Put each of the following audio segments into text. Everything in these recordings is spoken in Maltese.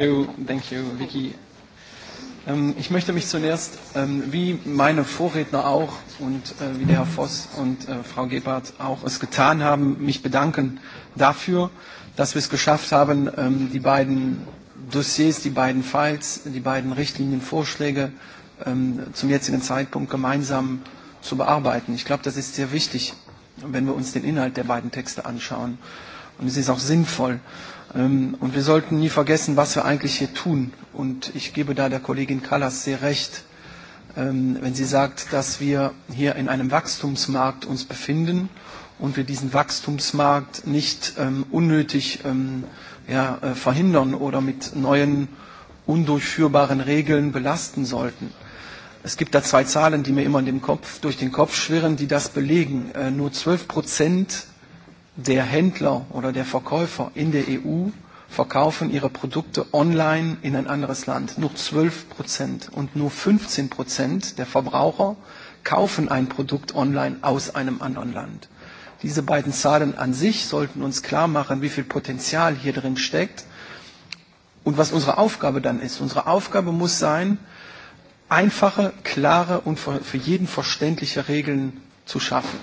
Thank you, Vicky. Ähm, ich möchte mich zunächst, ähm, wie meine Vorredner auch und äh, wie der Herr Voss und äh, Frau Gebhardt auch es getan haben, mich bedanken dafür, dass wir es geschafft haben, ähm, die beiden Dossiers, die beiden Files, die beiden Richtlinienvorschläge ähm, zum jetzigen Zeitpunkt gemeinsam zu bearbeiten. Ich glaube, das ist sehr wichtig, wenn wir uns den Inhalt der beiden Texte anschauen. Und es ist auch sinnvoll, Ähm, und wir sollten nie vergessen, was wir eigentlich hier tun. Und ich gebe da der Kollegin Kallas sehr recht, ähm, wenn sie sagt, dass wir hier in einem Wachstumsmarkt uns befinden und wir diesen Wachstumsmarkt nicht ähm, unnötig äh, verhindern oder mit neuen undurchführbaren Regeln belasten sollten. Es gibt da zwei Zahlen, die mir immer in dem Kopf, durch den Kopf schwirren, die das belegen. Äh, nur 12 Prozent der Händler oder der Verkäufer in der EU verkaufen ihre Produkte online in ein anderes Land. Nur 12 Prozent und nur 15 Prozent der Verbraucher kaufen ein Produkt online aus einem anderen Land. Diese beiden Zahlen an sich sollten uns klar machen, wie viel Potenzial hier drin steckt und was unsere Aufgabe dann ist. Unsere Aufgabe muss sein, einfache, klare und für jeden verständliche Regeln zu schaffen.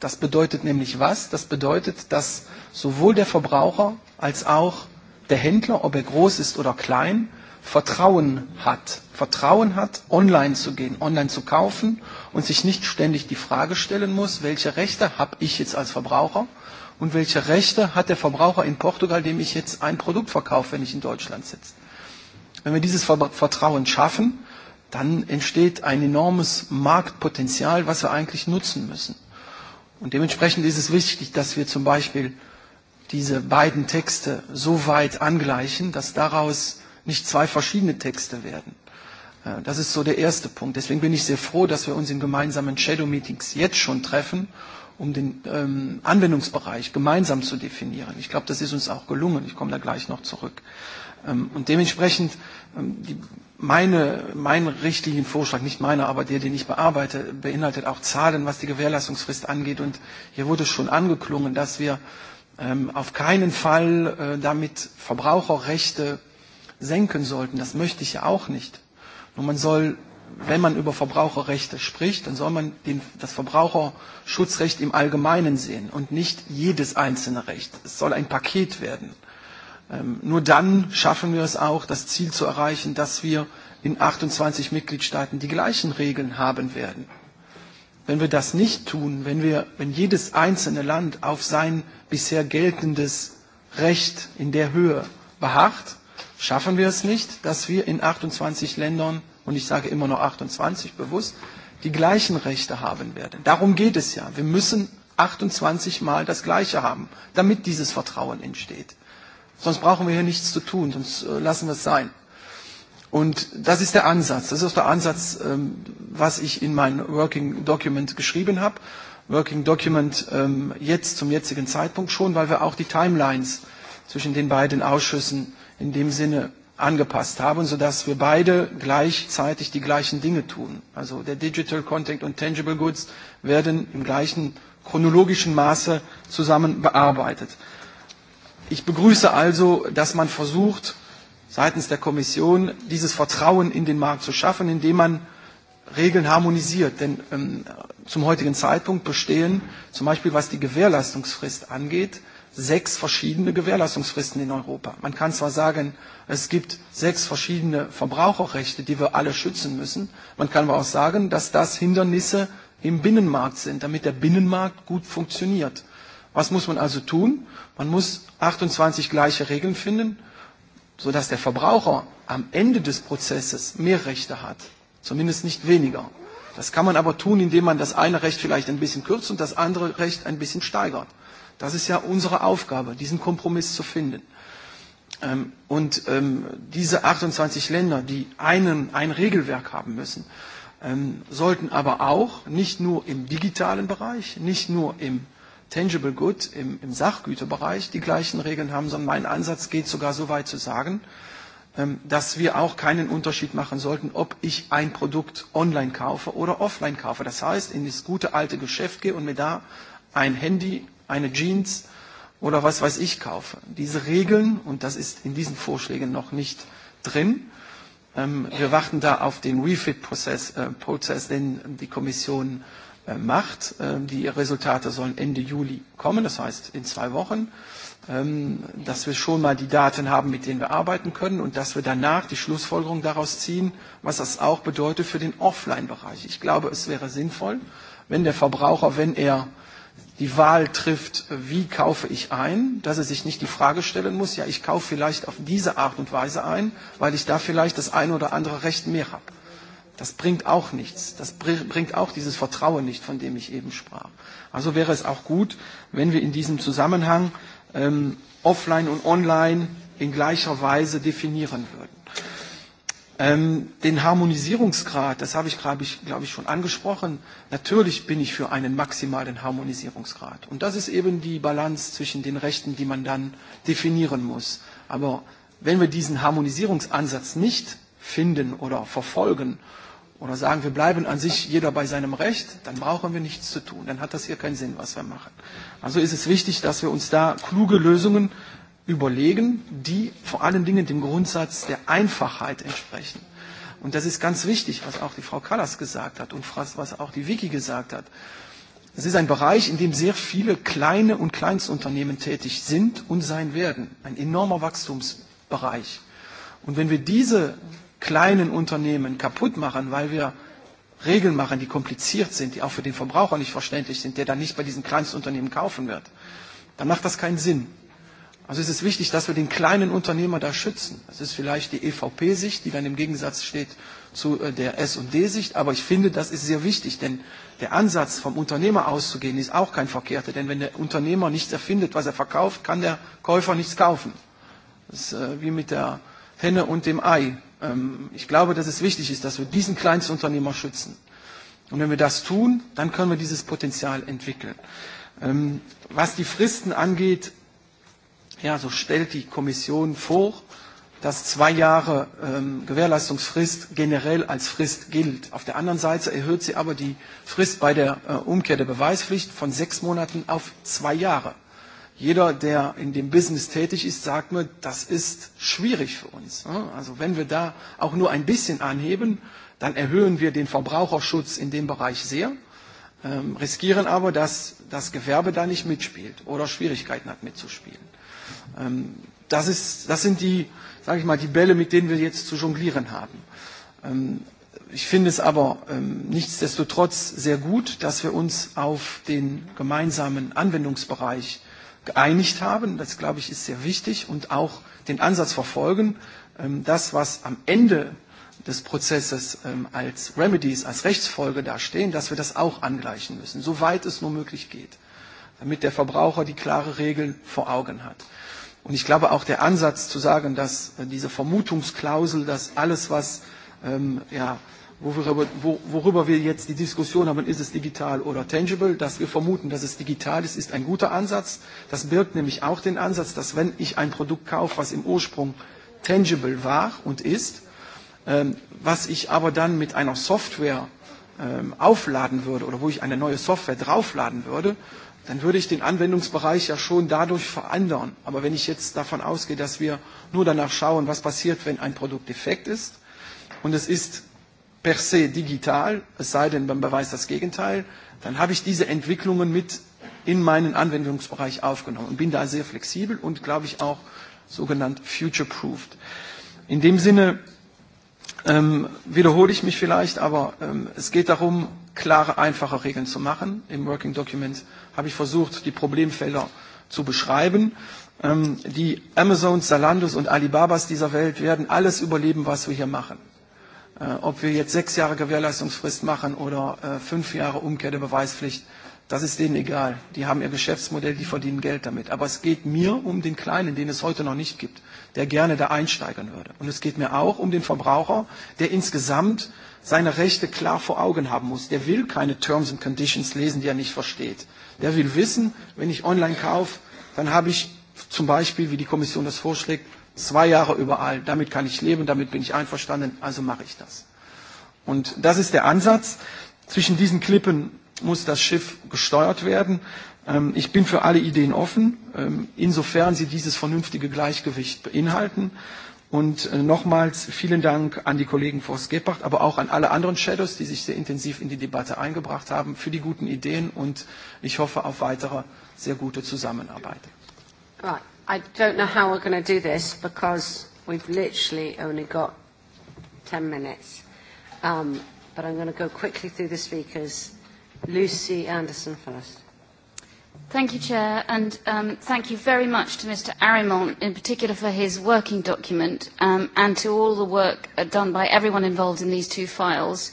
Das bedeutet nämlich was? Das bedeutet, dass sowohl der Verbraucher als auch der Händler, ob er groß ist oder klein, Vertrauen hat. Vertrauen hat, online zu gehen, online zu kaufen und sich nicht ständig die Frage stellen muss, welche Rechte habe ich jetzt als Verbraucher und welche Rechte hat der Verbraucher in Portugal, dem ich jetzt ein Produkt verkaufe, wenn ich in Deutschland sitze. Wenn wir dieses Vertrauen schaffen, dann entsteht ein enormes Marktpotenzial, was wir eigentlich nutzen müssen. Und dementsprechend ist es wichtig, dass wir zum Beispiel diese beiden Texte so weit angleichen, dass daraus nicht zwei verschiedene Texte werden. Äh, das ist so der erste Punkt. Deswegen bin ich sehr froh, dass wir uns in gemeinsamen Shadow-Meetings jetzt schon treffen, um den ähm, Anwendungsbereich gemeinsam zu definieren. Ich glaube, das ist uns auch gelungen. Ich komme da gleich noch zurück. Ähm, und dementsprechend, ähm, die meine, mein Vorschlag, nicht meiner, aber der, den ich bearbeite, beinhaltet auch Zahlen, was die Gewährleistungsfrist angeht. Und hier wurde schon angeklungen, dass wir ähm, auf keinen Fall äh, damit Verbraucherrechte senken sollten. Das möchte ich ja auch nicht. Nur man soll, wenn man über Verbraucherrechte spricht, dann soll man den, das Verbraucherschutzrecht im Allgemeinen sehen und nicht jedes einzelne Recht. Es soll ein Paket werden. Ähm, nur dann schaffen wir es auch, das Ziel zu erreichen, dass wir in 28 Mitgliedstaaten die gleichen Regeln haben werden. Wenn wir das nicht tun, wenn, wir, wenn jedes einzelne Land auf sein bisher geltendes Recht in der Höhe beharrt, schaffen wir es nicht, dass wir in 28 Ländern, und ich sage immer noch 28 bewusst, die gleichen Rechte haben werden. Darum geht es ja. Wir müssen 28 Mal das Gleiche haben, damit dieses Vertrauen entsteht. Sonst brauchen wir hier nichts zu tun, sonst äh, lassen wir es sein. Und das ist der Ansatz. Das ist auch der Ansatz, ähm, was ich in mein Working Document geschrieben habe. Working Document ähm, jetzt zum jetzigen Zeitpunkt schon, weil wir auch die Timelines zwischen den beiden Ausschüssen in dem Sinne angepasst haben, sodass wir beide gleichzeitig die gleichen Dinge tun. Also der Digital Content und Tangible Goods werden im gleichen chronologischen Maße zusammen bearbeitet. Ich begrüße also, dass man versucht, seitens der Kommission dieses Vertrauen in den Markt zu schaffen, indem man Regeln harmonisiert. Denn ähm, zum heutigen Zeitpunkt bestehen, zum Beispiel was die Gewährleistungsfrist angeht, sechs verschiedene Gewährleistungsfristen in Europa. Man kann zwar sagen, es gibt sechs verschiedene Verbraucherrechte, die wir alle schützen müssen. Man kann aber auch sagen, dass das Hindernisse im Binnenmarkt sind, damit der Binnenmarkt gut funktioniert. Was muss man also tun? Man muss 28 gleiche Regeln finden, sodass der Verbraucher am Ende des Prozesses mehr Rechte hat, zumindest nicht weniger. Das kann man aber tun, indem man das eine Recht vielleicht ein bisschen kürzt und das andere Recht ein bisschen steigert. Das ist ja unsere Aufgabe, diesen Kompromiss zu finden. Ähm, und ähm, diese 28 Länder, die einen, ein Regelwerk haben müssen, ähm, sollten aber auch nicht nur im digitalen Bereich, nicht nur im Tangible Good im, im Sachgüterbereich die gleichen Regeln haben, sondern mein Ansatz geht sogar so weit zu sagen, ähm, dass wir auch keinen Unterschied machen sollten, ob ich ein Produkt online kaufe oder offline kaufe. Das heißt, in das gute alte Geschäft gehe und mir da ein Handy, eine Jeans oder was weiß ich kaufe. Diese Regeln, und das ist in diesen Vorschlägen noch nicht drin, ähm, wir warten da auf den Refit-Prozess, äh, den die Kommission äh, Äh, macht. Ähm, die Resultate sollen Ende Juli kommen, das heißt in zwei Wochen, ähm, dass wir schon mal die Daten haben, mit denen wir arbeiten können und dass wir danach die Schlussfolgerung daraus ziehen, was das auch bedeutet für den Offline-Bereich. Ich glaube, es wäre sinnvoll, wenn der Verbraucher, wenn er die Wahl trifft, wie kaufe ich ein, dass er sich nicht die Frage stellen muss, ja, ich kaufe vielleicht auf diese Art und Weise ein, weil ich da vielleicht das ein oder andere Recht mehr habe Das bringt auch nichts. Das bringt auch dieses Vertrauen nicht, von dem ich eben sprach. Also wäre es auch gut, wenn wir in diesem Zusammenhang ähm, offline und online in gleicher Weise definieren würden. Ähm, den Harmonisierungsgrad, das habe ich, glaube ich, glaub ich, schon angesprochen. Natürlich bin ich für einen maximalen Harmonisierungsgrad. Und das ist eben die Balance zwischen den Rechten, die man dann definieren muss. Aber wenn wir diesen Harmonisierungsansatz nicht finden oder verfolgen, äh, oder sagen, wir bleiben an sich jeder bei seinem Recht, dann brauchen wir nichts zu tun. Dann hat das hier keinen Sinn, was wir machen. Also ist es wichtig, dass wir uns da kluge Lösungen überlegen, die vor allen Dingen dem Grundsatz der Einfachheit entsprechen. Und das ist ganz wichtig, was auch die Frau Kallas gesagt hat und was auch die Vicky gesagt hat. Es ist ein Bereich, in dem sehr viele kleine und Kleinstunternehmen tätig sind und sein werden. Ein enormer Wachstumsbereich. Und wenn wir diese kleinen Unternehmen kaputt machen, weil wir Regeln machen, die kompliziert sind, die auch für den Verbraucher nicht verständlich sind, der dann nicht bei diesen Kleinstunternehmen kaufen wird, dann macht das keinen Sinn. Also es ist wichtig, dass wir den kleinen Unternehmer da schützen. Das ist vielleicht die EVP-Sicht, die dann im Gegensatz steht zu äh, der S&D-Sicht, aber ich finde, das ist sehr wichtig, denn der Ansatz, vom Unternehmer auszugehen, ist auch kein verkehrter, denn wenn der Unternehmer nichts erfindet, was er verkauft, kann der Käufer nichts kaufen. Das ist äh, wie mit der Henne und dem Ei. Ähm, ich glaube, dass es wichtig ist, dass wir diesen Kleinstunternehmer schützen. Und wenn wir das tun, dann können wir dieses Potenzial entwickeln. Ähm, was die Fristen angeht, ja, so stellt die Kommission vor, dass zwei Jahre ähm, Gewährleistungsfrist generell als Frist gilt. Auf der anderen Seite erhöht sie aber die Frist bei der äh, Umkehr der Beweispflicht von sechs Monaten auf zwei Jahre jeder, der in dem Business tätig ist, sagt mir, das ist schwierig für uns. Also wenn wir da auch nur ein bisschen anheben, dann erhöhen wir den Verbraucherschutz in dem Bereich sehr, ähm, riskieren aber, dass das Gewerbe da nicht mitspielt oder Schwierigkeiten hat mitzuspielen. Ähm, das, ist, das sind die, sage ich mal, die Bälle, mit denen wir jetzt zu jonglieren haben. Ähm, ich finde es aber ähm, nichtsdestotrotz sehr gut, dass wir uns auf den gemeinsamen Anwendungsbereich geeinigt haben. Das, glaube ich, ist sehr wichtig und auch den Ansatz verfolgen, ähm, das, was am Ende des Prozesses ähm, als Remedies, als Rechtsfolge dastehen, dass wir das auch angleichen müssen, soweit es nur möglich geht, damit der Verbraucher die klare Regeln vor Augen hat. Und ich glaube auch der Ansatz zu sagen, dass äh, diese Vermutungsklausel, dass alles, was ähm, ja, worüber, wo, worüber wir jetzt die Diskussion haben, ist es digital oder tangible, dass wir vermuten, dass es digital ist, ist ein guter Ansatz. Das birgt nämlich auch den Ansatz, dass wenn ich ein Produkt kaufe, was im Ursprung tangible war und ist, ähm, was ich aber dann mit einer Software ähm, aufladen würde oder wo ich eine neue Software draufladen würde, dann würde ich den Anwendungsbereich ja schon dadurch verändern. Aber wenn ich jetzt davon ausgehe, dass wir nur danach schauen, was passiert, wenn ein Produkt defekt ist, und es ist per se digital, es sei denn, man beweist das Gegenteil, dann habe ich diese Entwicklungen mit in meinen Anwendungsbereich aufgenommen und bin da sehr flexibel und, glaube ich, auch sogenannt future-proofed. In dem Sinne ähm, wiederhole ich mich vielleicht, aber ähm, es geht darum, klare, einfache Regeln zu machen. Im Working Document habe ich versucht, die Problemfelder zu beschreiben. Ähm, die Amazons, Zalandos und Alibabas dieser Welt werden alles überleben, was wir hier machen. Äh, ob wir jetzt sechs Jahre Gewährleistungsfrist machen oder äh, fünf Jahre Umkehr der Beweispflicht, das ist denen egal. Die haben ihr Geschäftsmodell, die verdienen Geld damit. Aber es geht mir um den Kleinen, den es heute noch nicht gibt, der gerne da einsteigern würde. Und es geht mir auch um den Verbraucher, der insgesamt seine Rechte klar vor Augen haben muss. Der will keine Terms and Conditions lesen, die er nicht versteht. Der will wissen, wenn ich online kaufe, dann habe ich zum Beispiel, wie die Kommission das vorschlägt, zwei Jahre überall, damit kann ich leben, damit bin ich einverstanden, also mache ich das. Und das ist der Ansatz. Zwischen diesen Klippen muss das Schiff gesteuert werden. Ähm, ich bin für alle Ideen offen, ähm, insofern sie dieses vernünftige Gleichgewicht beinhalten. Und äh, nochmals vielen Dank an die Kollegen Forst Gebhardt, aber auch an alle anderen Shadows, die sich sehr intensiv in die Debatte eingebracht haben, für die guten Ideen und ich hoffe auf weitere sehr gute Zusammenarbeit. Right. I don't know how we're going to do this because we've literally only got 10 minutes. Um, but I'm going to go quickly through the speakers. Lucy Anderson first. Thank you, Chair, and um, thank you very much to Mr. Arimont in particular for his working document um, and to all the work uh, done by everyone involved in these two files.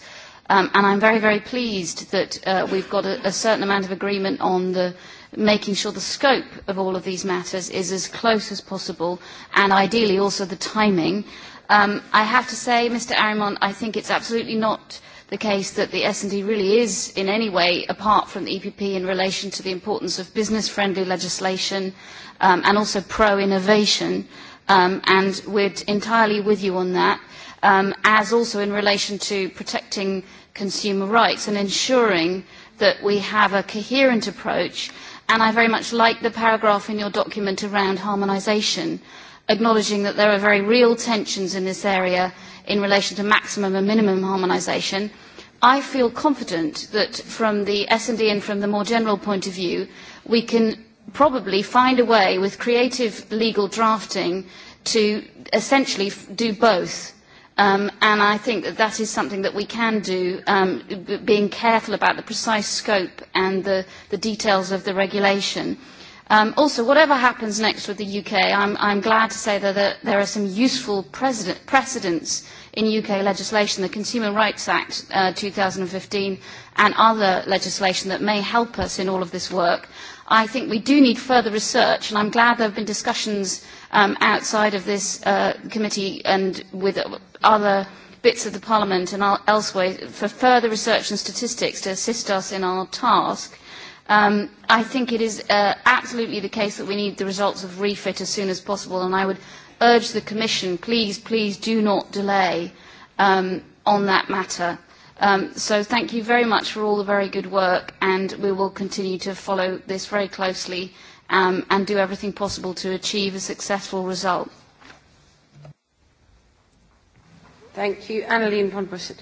Um, and I'm very, very pleased that uh, we've got a, a certain amount of agreement on the making sure the scope of all of these matters is as close as possible and ideally also the timing. Um, I have to say, Mr. Arimont, I think it's absolutely not the case that the S&D really is in any way apart from the EPP in relation to the importance of business-friendly legislation um, and also pro-innovation. Um, and we're entirely with you on that um, as also in relation to protecting consumer rights and ensuring that we have a coherent approach. And I very much like the paragraph in your document around harmonisation, acknowledging that there are very real tensions in this area in relation to maximum and minimum harmonisation. I feel confident that from the S&D and from the more general point of view, we can probably find a way with creative legal drafting to essentially do both Um, and I think that that is something that we can do, um, being careful about the precise scope and the, the details of the regulation. Um, also, whatever happens next with the UK, I'm, I'm glad to say that there, there are some useful precedents in UK legislation, the Consumer Rights Act uh, 2015 and other legislation that may help us in all of this work. I think we do need further research, and I'm glad there have been discussions um, outside of this uh, committee and with other bits of the Parliament and elsewhere for further research and statistics to assist us in our task. Um, I think it is uh, absolutely the case that we need the results of refit as soon as possible, and I would urge the Commission, please, please do not delay um, on that matter. Um, so thank you very much for all the very good work, and we will continue to follow this very closely um, and do everything possible to achieve a successful result. Thank you. Annalene von Bussard.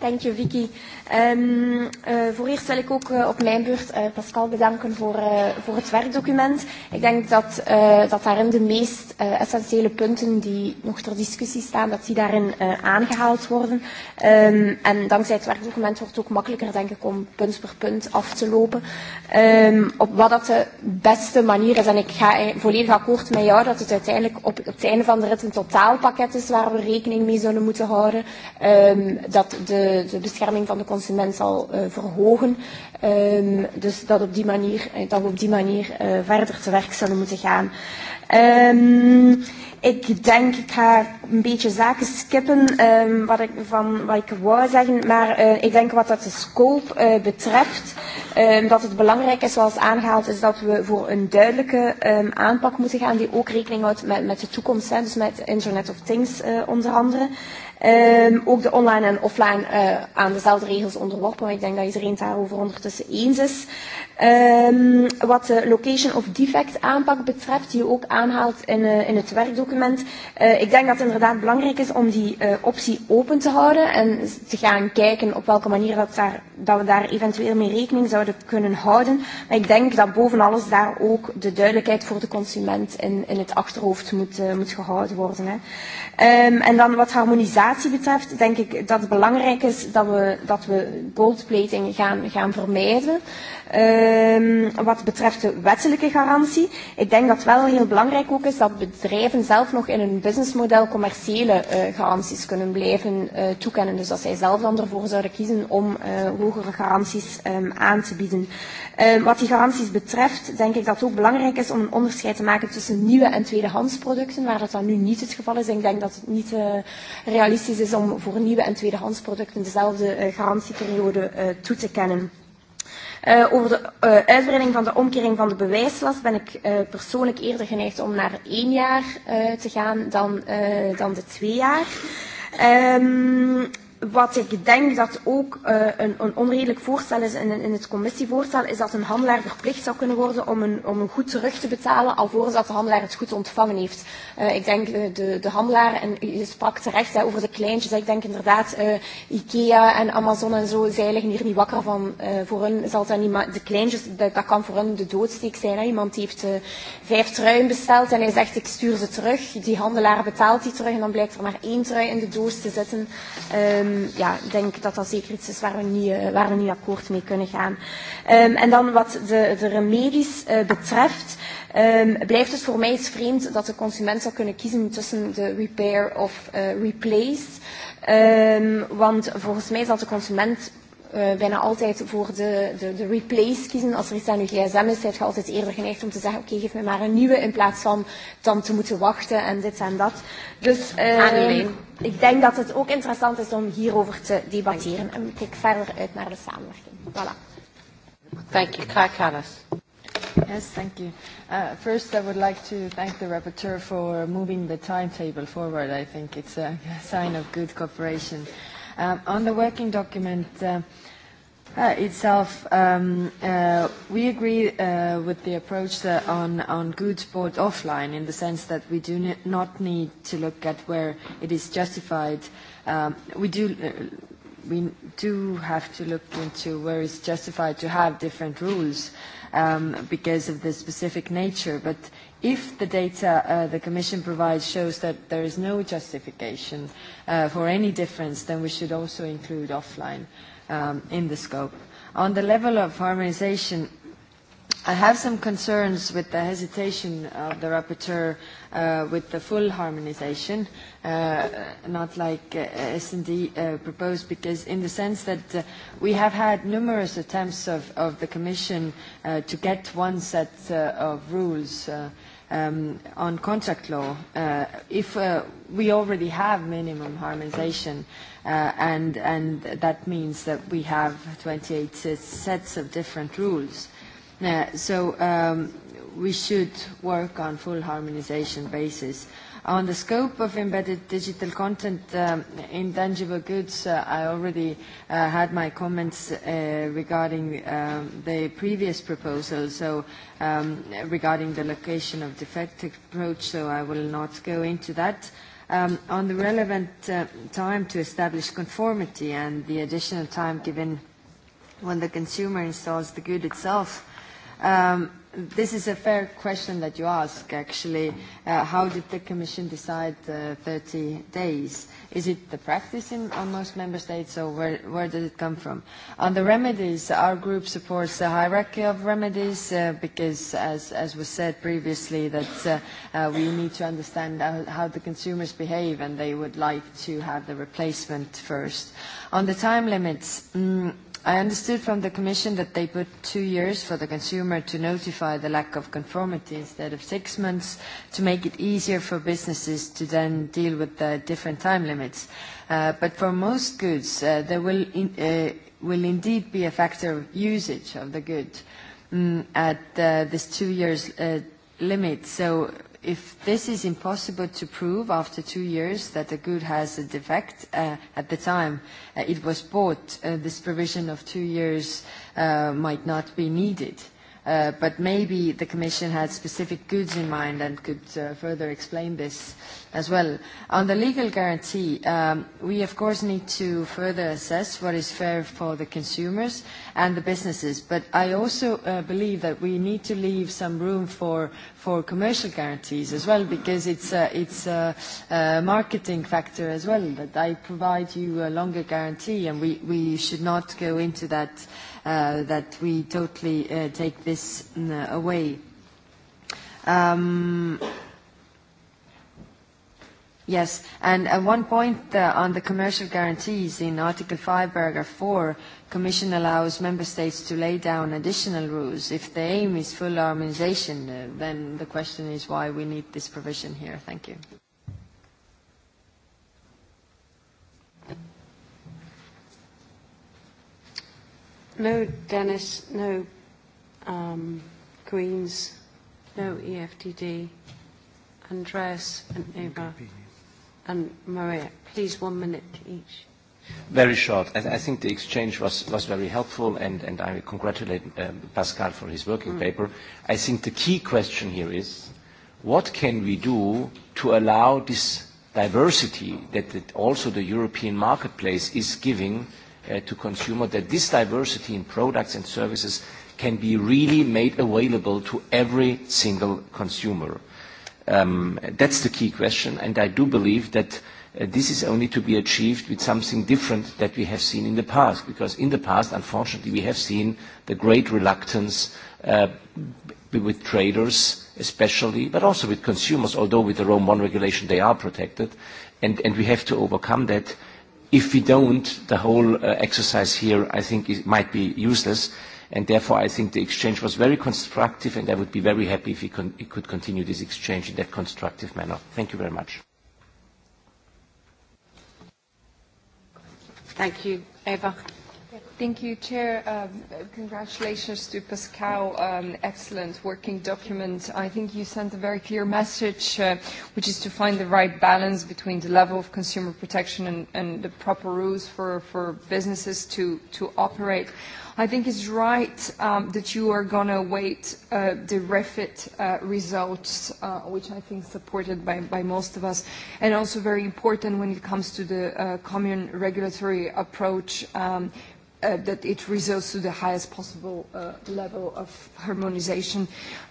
Thank you, Vicky. Um, uh, voor eerst wil ik ook uh, op mijn beurt uh, Pascal bedanken voor, uh, voor het werkdocument. Ik denk dat, uh, dat daarin de meest uh, essentiële punten die nog ter discussie staan, dat die daarin uh, aangehaald worden. Um, en dankzij het werkdocument wordt het ook makkelijker, denk ik, om punt per punt af te lopen. Um, op wat dat de beste manier is, en ik ga volledig akkoord met jou, dat het uiteindelijk op, op het einde van de rit een totaalpakket is waar we rekening mee zullen moeten houden. Um, dat de, de bescherming van de consument zal uh, verhogen. Um, dus dat, op die manier, eh, dat we op die manier uh, verder te werk zullen moeten gaan. Um, ik denk, ik ga een beetje zaken skippen um, wat, ik, van, wat ik wou zeggen, maar uh, ik denk wat dat de scope uh, betreft, um, dat het belangrijk is, zoals aangehaald is, dat we voor een duidelijke um, aanpak moeten gaan die ook rekening houdt met, met de toekomst, hè, dus met Internet of Things uh, onder andere. Um, ook de online en offline uh, aan dezelfde regels onderworpen, maar ik denk dat iedereen het daarover ondertussen eens is. Um, wat de location of defect aanpak betreft, die je ook aanhaalt in, uh, in het werkdocument, uh, ik denk dat het inderdaad belangrijk is om die uh, optie open te houden en te gaan kijken op welke manier dat, daar, dat we daar eventueel mee rekening zouden kunnen houden. Maar ik denk dat boven alles daar ook de duidelijkheid voor de consument in, in het achterhoofd moet, uh, moet gehouden worden. Hè. Um, en dan wat harmonisatie innovatie betreft denk ik dat het belangrijk is dat we, dat we goldplating gaan, gaan vermijden. Um, ehm, wat betreft de wettelijke garantie, ik denk dat het wel heel belangrijk ook is dat bedrijven zelf nog in hun businessmodel commerciële uh, garanties kunnen blijven uh, toekennen. Dus dat zij zelf dan ervoor zouden kiezen om uh, hogere garanties um, aan te bieden. Um, wat die garanties betreft, denk ik dat het ook belangrijk is om een onderscheid te maken tussen nieuwe en tweedehands producten, waar dat dan nu niet het geval is. Ik denk dat het niet uh, realistisch realistisch is om voor nieuwe en tweedehands producten dezelfde eh, garantieperiode eh, toe te kennen. Uh, over de uh, uitbreiding van de omkering van de bewijslast ben ik uh, persoonlijk eerder geneigd om naar één jaar uh, te gaan dan, uh, dan de twee jaar. Um, Wat ik denk dat ook uh, een, een onredelijk voorstel is in, in het commissievoorstel, is dat een handelaar verplicht zou kunnen worden om een, om een goed terug te betalen, alvorens dat de handelaar het goed ontvangen heeft. Uh, ik denk de, de, de handelaar, en u sprak terecht hè, over de kleintjes, ik denk inderdaad uh, Ikea en Amazon en zo, zij liggen hier niet wakker van. Uh, voor hun zal dat niet, maar de kleintjes, dat, dat kan voor hun de doodsteek zijn. Hè. Iemand heeft uh, vijf truien besteld en hij zegt ik stuur ze terug. Die handelaar betaalt die terug en dan blijkt er maar één trui in de doos te zitten. Um, Ehm, ja, ja, denk dat dat zeker iets is waar we nu, uh, eh, waar we nu akkoord mee kunnen gaan. Um, en dan wat de, de remedies uh, betreft, um, blijft het voor mij eens vreemd dat de consument zou kunnen kiezen tussen de repair of uh, replace. Um, want volgens mij zal de consument uh, bijna altijd voor de, de, de replace kiezen. Als er iets aan uw gsm is, zijn je altijd eerder geneigd om te zeggen, oké, okay, geef me maar een nieuwe in plaats van dan te moeten wachten en dit en dat. Dus uh, ik denk dat het ook interessant is om hierover te debatteren. En ik kijk verder uit naar de samenwerking. Voilà. Thank you. Kai Kallis. Yes, thank you. Uh, first, I would like to thank the rapporteur for moving the timetable forward. I think it's a sign of good cooperation. Um, on the working document, uh, uh, itself, um, uh, we agree uh, with the approach that on, on goods bought offline in the sense that we do ne not need to look at where it is justified. Um, we do. Uh, we do have to look into where it's justified to have different rules um, because of the specific nature. But if the data uh, the Commission provides shows that there is no justification uh, for any difference, then we should also include offline. Uh, um, in the scope. On the level of harmonization, I have some concerns with the hesitation of the rapporteur uh, with the full harmonization, uh, not like uh, S&D uh, proposed, because in the sense that uh, we have had numerous attempts of, of the Commission uh, to get one set uh, of rules uh, um, on contract law, uh, if uh, we already have minimum harmonization. Uh, Uh, and, and that means that we have 28 sets of different rules. Uh, so um, we should work on full harmonization basis. On the scope of embedded digital content um, in tangible goods, uh, I already uh, had my comments uh, regarding um, the previous proposal, so um, regarding the location of defective approach, so I will not go into that um, on the relevant uh, time to establish conformity and the additional time given when the consumer installs the good itself, um, this is a fair question that you ask, actually. Uh, how did the Commission decide the 30 days? Is it the practice in most member states, or where, where did it come from? On the remedies, our group supports the hierarchy of remedies uh, because, as, as was said previously, that uh, uh, we need to understand how, how the consumers behave, and they would like to have the replacement first. On the time limits, mm, I understood from the Commission that they put two years for the consumer to notify the lack of conformity instead of six months to make it easier for businesses to then deal with the different time limits. Uh, but for most goods, uh, there will, in, uh, will indeed be a factor of usage of the good um, at uh, this two years uh, limit. So if this is impossible to prove after two years that the good has a defect, uh, at the time uh, it was bought, uh, this provision of two years uh, might not be needed. Uh, but maybe the Commission had specific goods in mind and could uh, further explain this as well. On the legal guarantee, um, we of course need to further assess what is fair for the consumers and the businesses, but I also uh, believe that we need to leave some room for, for commercial guarantees as well, because it's, uh, it's a, a marketing factor as well, that I provide you a longer guarantee, and we, we should not go into that Uh, that we totally uh, take this uh, away. Um, Yes, and at one point uh, on the commercial guarantees in Article 5, Paragraph 4, Commission allows Member States to lay down additional rules. If the aim is full harmonization, uh, then the question is why we need this provision here. Thank you. No Dennis, no um, Greens, no EFTD, Andreas and Eva and Maria. Please, one minute each. Very short. I, th I think the exchange was, was very helpful, and, and I congratulate um, Pascal for his working mm. paper. I think the key question here is, what can we do to allow this diversity that, that also the European marketplace is giving Uh, to consumer, that this diversity in products and services can be really made available to every single consumer. Um, that's the key question, and I do believe that uh, this is only to be achieved with something different that we have seen in the past, because in the past, unfortunately, we have seen the great reluctance uh, with traders especially, but also with consumers, although with the Rome 1 regulation they are protected, and, and we have to overcome that if we don't, the whole uh, exercise here, I think, is, might be useless. And therefore, I think the exchange was very constructive, and I would be very happy if we con could continue this exchange in that constructive manner. Thank you very much. Thank you, Eva. Thank you, Chair. Um, congratulations to Pascal. Um, excellent working document. I think you sent a very clear message, uh, which is to find the right balance between the level of consumer protection and, and the proper rules for, for businesses to, to operate. I think it's right um, that you are going to await uh, the REFIT uh, results, uh, which I think supported by, by most of us, and also very important when it comes to the uh, common regulatory approach um, uh, that it results to the highest possible uh, level of harmonization.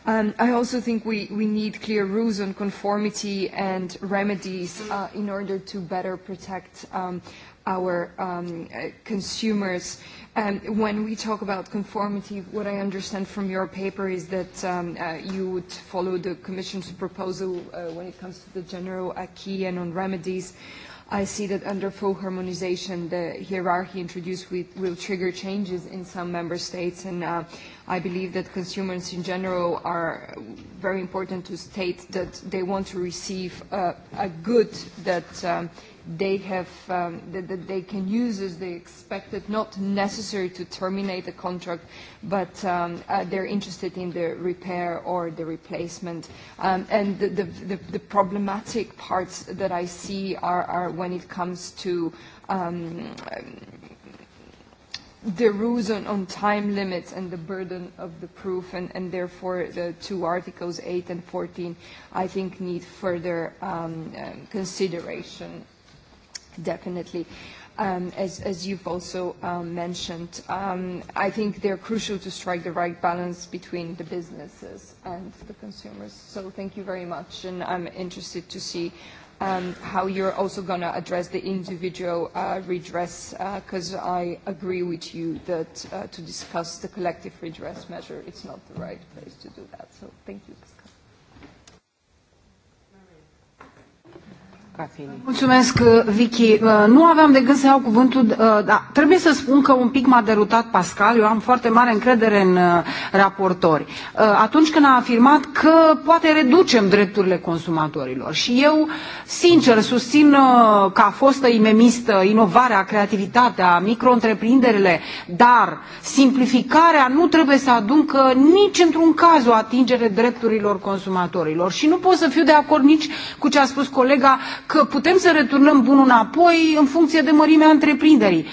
Um, I also think we, we need clear rules on conformity and remedies uh, in order to better protect um, our um, uh, consumers. Um, when we talk about conformity, what I understand from your paper is that um, uh, you would follow the Commission's proposal uh, when it comes to the general acquis and on remedies. Uh, I see that under full harmonization, the hierarchy introduced will, will trigger changes in some member states, and uh, I believe that consumers in general are very important to state that they want to receive uh, a good that um, they, have, um, that, that they can use as they expected, not necessary to terminate the contract, but um, uh, they're interested in the repair or the replacement. Um, and the, the, the, the problematic parts that I see are, are when it comes to um, the rules on, on time limits and the burden of the proof, and, and therefore the two articles, 8 and 14, I think need further um, um, consideration Definitely. Um, as, as you've also um, mentioned, um, I think they're crucial to strike the right balance between the businesses and the consumers. So thank you very much, and I'm interested to see um, how you're also going to address the individual uh, redress, because uh, I agree with you that uh, to discuss the collective redress measure, it's not the right place to do that. So thank you. Mulțumesc, uh, Vicky. Uh, nu aveam de gând să iau cuvântul, uh, dar trebuie să spun că un pic m-a derutat Pascal. Eu am foarte mare încredere în raportori. Atunci când a afirmat că poate reducem drepturile consumatorilor și eu, sincer, susțin că a fost imemistă inovarea, creativitatea, micro dar simplificarea nu trebuie să aduncă nici într-un caz o atingere drepturilor consumatorilor. Și nu pot să fiu de acord nici cu ce a spus colega că putem să returnăm bunul înapoi în funcție de mărimea întreprinderii.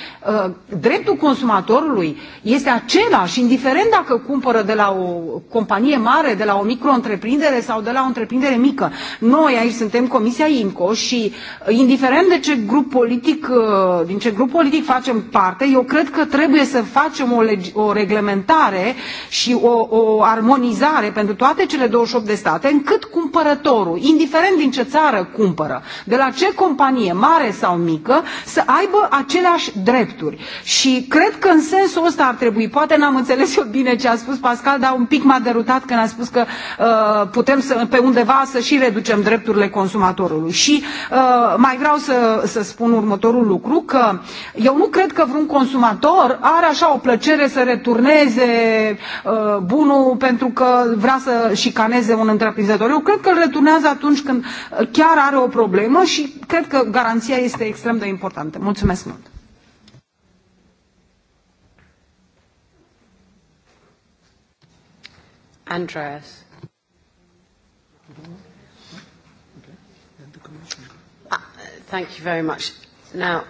Dreptul consumatorului este același, indiferent dacă cumpără de la o companie mare, de la o micro-întreprindere sau de la o întreprindere mică. Noi aici suntem Comisia Inco și indiferent de ce grup politic, din ce grup politic facem parte, eu cred că trebuie să facem o, legi, o reglementare și o, o armonizare pentru toate cele 28 de state, încât cumpărătorul, indiferent din ce țară cumpără, de la ce companie, mare sau mică, să aibă aceleași drepturi. Și cred că în sensul ăsta ar trebui, poate n-am înțeles eu bine ce a spus Pascal, dar un pic m-a derutat când a spus că uh, putem să, pe undeva să și reducem drepturile consumatorului. Și uh, mai vreau să, să spun următorul lucru, că eu nu cred că vreun consumator are așa o plăcere să returneze uh, bunul pentru că vrea să șicaneze un întreprinzător. Eu cred că îl returnează atunci când chiar are o problemă problemă și cred că garanția este extrem de importantă. Mulțumesc mult! Andreas. Uh, thank you very much. Now,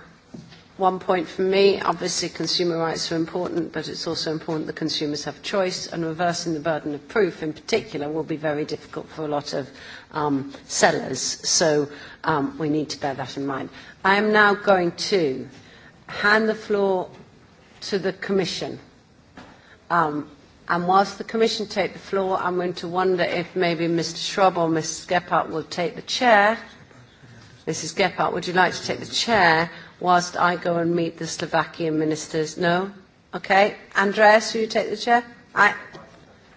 one point for me, obviously consumer rights are important, but it's also important that consumers have choice, and reversing the burden of proof in particular will be very difficult for a lot of um, sellers, so um, we need to bear that in mind. I am now going to hand the floor to the Commission. Um, and whilst the Commission take the floor, I'm going to wonder if maybe Mr. Schrob or Mrs. Gephardt will take the chair. Mrs. Gephardt, would you like to take the chair? whilst I go and meet the Slovakian ministers? No? Okay. Andreas, will you take the chair? I,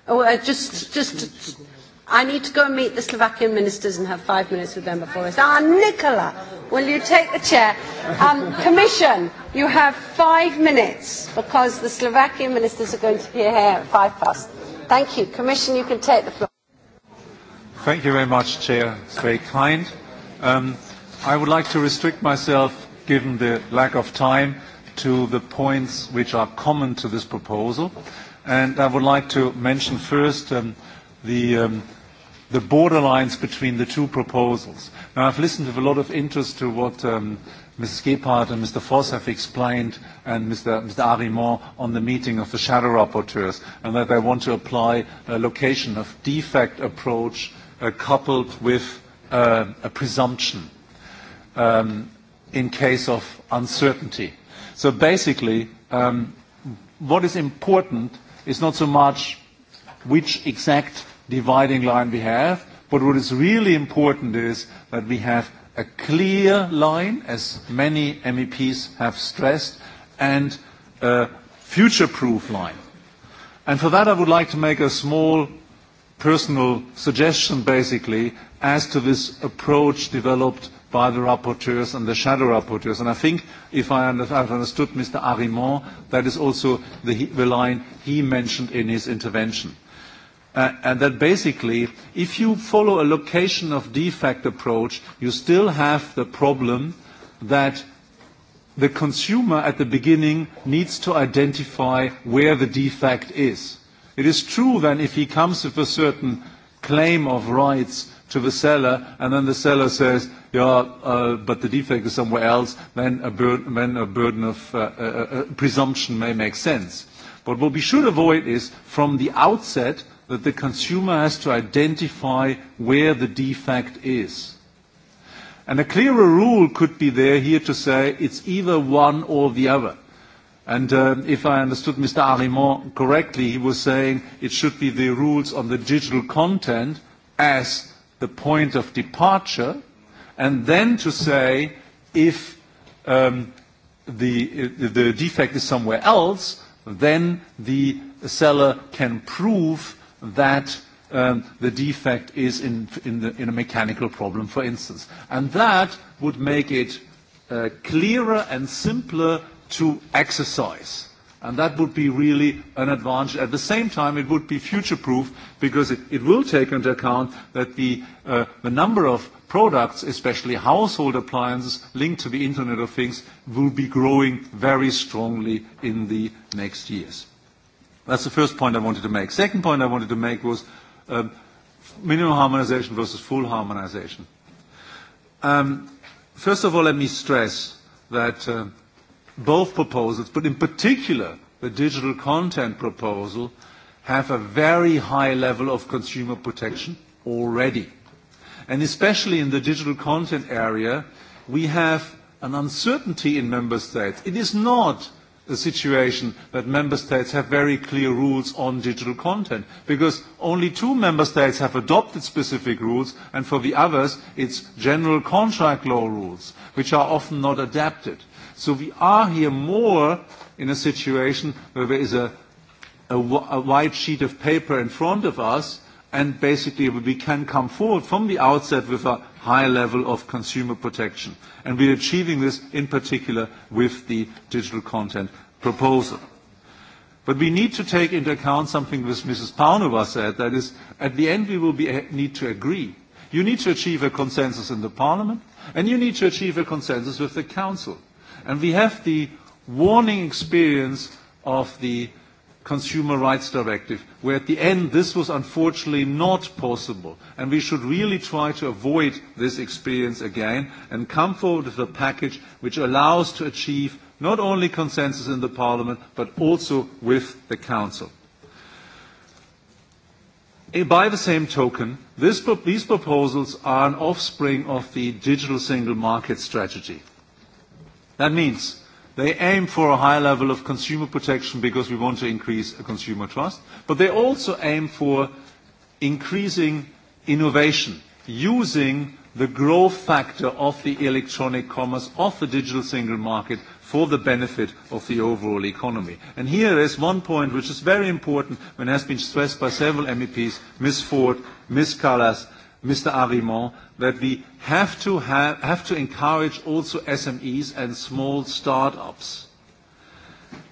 oh, I uh, just, just, I need to go and meet the Slovakian ministers and have five minutes with them before I start. Ah, Nicola, will you take the chair? Um, Commission, you have five minutes because the Slovakian ministers are going to be here at five past. Thank you. Commission, you can take the floor. Thank you very much, Chair. It's very kind. Um, I would like to restrict myself given the lack of time, to the points which are common to this proposal. And I would like to mention first um, the, um, the borderlines between the two proposals. Now, I've listened with a lot of interest to what um, Mrs. Gephardt and Mr. Voss have explained, and Mr. Mr. Arimont on the meeting of the shadow rapporteurs, and that they want to apply a location of defect approach uh, coupled with uh, a presumption. Um, in case of uncertainty. So basically, um, what is important is not so much which exact dividing line we have, but what is really important is that we have a clear line, as many MEPs have stressed, and a future-proof line. And for that, I would like to make a small personal suggestion, basically, as to this approach developed by the rapporteurs and the shadow rapporteurs. And I think, if I understood Mr. Arimont, that is also the, the line he mentioned in his intervention. Uh, and that basically, if you follow a location of defect approach, you still have the problem that the consumer at the beginning needs to identify where the defect is. It is true then if he comes with a certain claim of rights to the seller, and then the seller says, yeah, uh, but the defect is somewhere else, then a, bur then a burden of uh, uh, uh, presumption may make sense. But what we should avoid is, from the outset, that the consumer has to identify where the defect is. And a clearer rule could be there here to say it's either one or the other. And uh, if I understood Mr. Arimont correctly, he was saying it should be the rules on the digital content as the point of departure and then to say if um, the, the defect is somewhere else, then the seller can prove that um, the defect is in, in, the, in a mechanical problem, for instance. And that would make it uh, clearer and simpler to exercise and that would be really an advantage. At the same time, it would be future-proof because it, it will take into account that the, uh, the number of products, especially household appliances linked to the Internet of Things, will be growing very strongly in the next years. That's the first point I wanted to make. Second point I wanted to make was um, minimum harmonization versus full harmonization. Um, first of all, let me stress that uh, both proposals, but in particular the digital content proposal, have a very high level of consumer protection already. And especially in the digital content area, we have an uncertainty in member states. It is not the situation that member states have very clear rules on digital content because only two member states have adopted specific rules and for the others it's general contract law rules which are often not adapted. So we are here more in a situation where there is a, a, a white sheet of paper in front of us and basically we can come forward from the outset with a high level of consumer protection. And we're achieving this in particular with the digital content proposal. But we need to take into account something which Mrs. Paunova said, that is, at the end we will be, eh, need to agree. You need to achieve a consensus in the Parliament, and you need to achieve a consensus with the Council. And we have the warning experience of the Consumer Rights Directive, where at the end this was unfortunately not possible. And we should really try to avoid this experience again and come forward with a package which allows to achieve not only consensus in the Parliament, but also with the Council. Eh, by the same token, this, these proposals are an offspring of the digital single market strategy. That means they aim for a high level of consumer protection because we want to increase consumer trust, but they also aim for increasing innovation, using the growth factor of the electronic commerce, of the digital single market for the benefit of the overall economy. And here is one point which is very important and has been stressed by several MEPs, Ms. Ford, Ms. Callas, Mr. Arimont, that we have to, have, have to encourage also SMEs and small startups.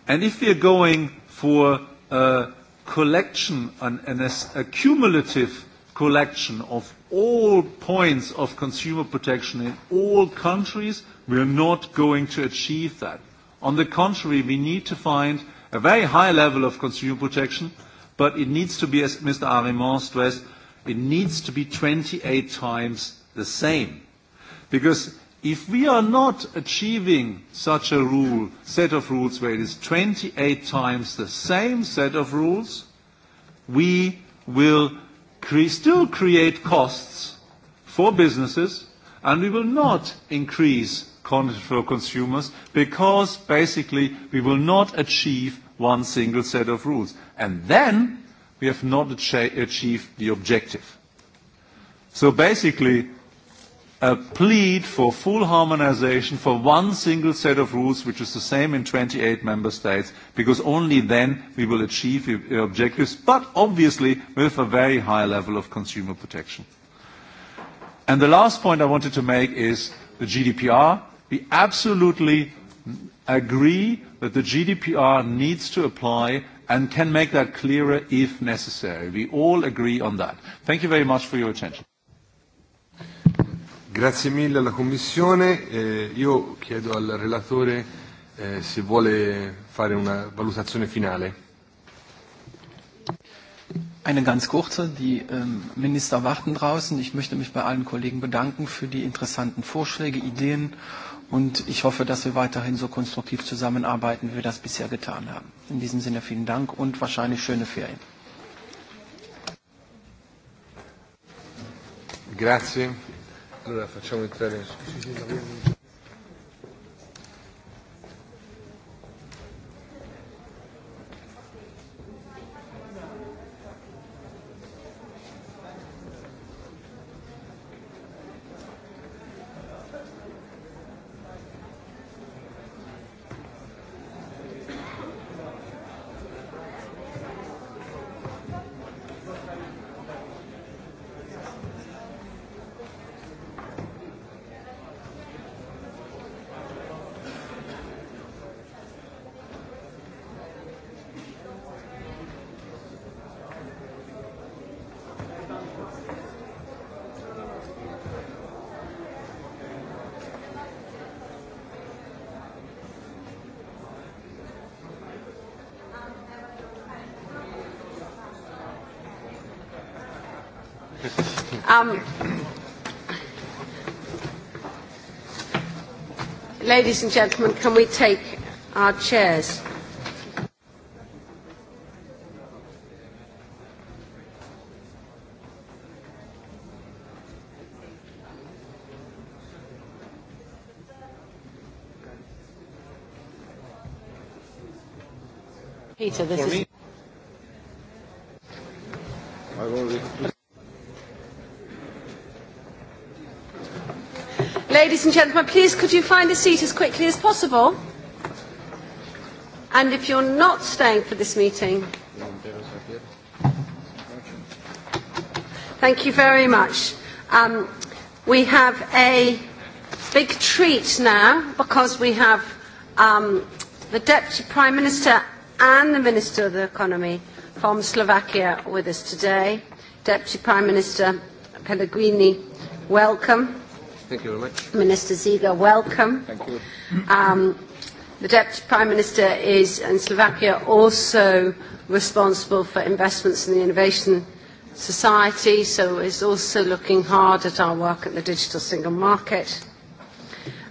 And if we are going for a collection, an, an, a cumulative collection of all points of consumer protection in all countries, we are not going to achieve that. On the contrary, we need to find a very high level of consumer protection, but it needs to be, as Mr. Arimont stressed, it needs to be 28 times the same. Because if we are not achieving such a rule, set of rules where it is 28 times the same set of rules, we will cre still create costs for businesses and we will not increase for consumers because basically we will not achieve one single set of rules. And then we have not achieved the objective. So basically, a plead for full harmonization for one single set of rules, which is the same in 28 member states, because only then we will achieve the objectives, but obviously with a very high level of consumer protection. And the last point I wanted to make is the GDPR. We absolutely agree that the GDPR needs to apply and can make that clearer if necessary. We all agree on that. Thank you very much for your attention. Grazie mille alla Commissione. Eh, io chiedo al relatore eh, se vuole fare una valutazione finale. Eine ganz kurze. Die ähm, Minister warten draußen. Ich möchte mich bei allen Kollegen bedanken für die interessanten Vorschläge, Ideen Und ich hoffe, dass wir weiterhin so konstruktiv zusammenarbeiten, wie wir das bisher getan haben. In diesem Sinne vielen Dank und wahrscheinlich schöne Ferien. Grazie. Allora facciamo entrare. Um, ladies and gentlemen, can we take our chairs? Peter, this is Ladies and gentlemen, please could you find a seat as quickly as possible? And if you're not staying for this meeting, thank you very much. Um, we have a big treat now because we have um, the Deputy Prime Minister and the Minister of the Economy from Slovakia with us today. Deputy Prime Minister Pellegrini, welcome. Thank you very much. Minister Ziga, welcome. Thank you. Um, the Deputy Prime Minister is in Slovakia also responsible for investments in the Innovation Society, so is also looking hard at our work at the digital single market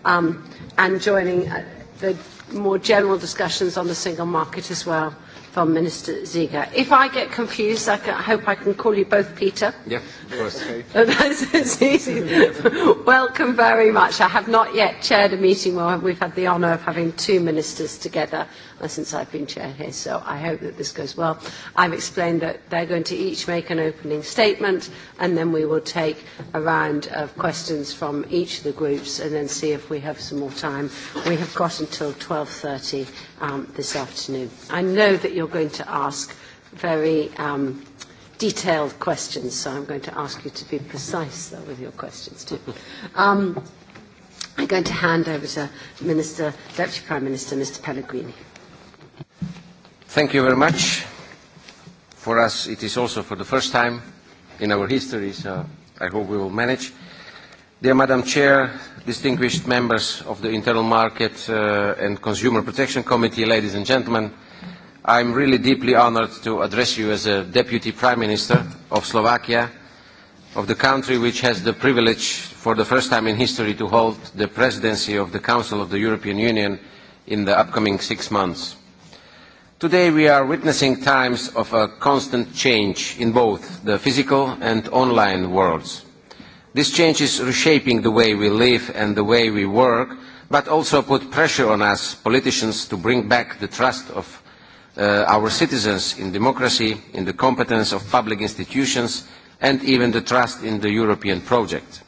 um, and joining uh, the more general discussions on the single market as well from Minister Ziga. If I get confused, I, can, I hope I can call you both Peter. Yeah, of course. That's easy. Welcome very much. I have not yet chaired a meeting where we've had the honour of having two ministers together uh, since I've been chair here, so I hope that this goes well. I've explained that they're going to each make an opening statement, and then we will take a round of questions from each of the groups and then see if we have some more time. We have got until 12.30 um, this afternoon. I know that you're going to ask very um, detailed questions, so I'm going to ask you to be precise though, with your questions too. Um, I'm going to hand over to Minister, Deputy Prime Minister, Mr. Pellegrini. Thank you very much. For us, it is also for the first time in our history So I hope we will manage Dear Madam Chair, distinguished members of the Internal Market uh, and Consumer Protection Committee, ladies and gentlemen, I'm really deeply honored to address you as a Deputy Prime Minister of Slovakia, of the country which has the privilege for the first time in history to hold the presidency of the Council of the European Union in the upcoming six months. Today we are witnessing times of a constant change in both the physical and online worlds. This change is reshaping the way we live and the way we work, but also put pressure on us politicians to bring back the trust of uh, our citizens in democracy, in the competence of public institutions, and even the trust in the European project.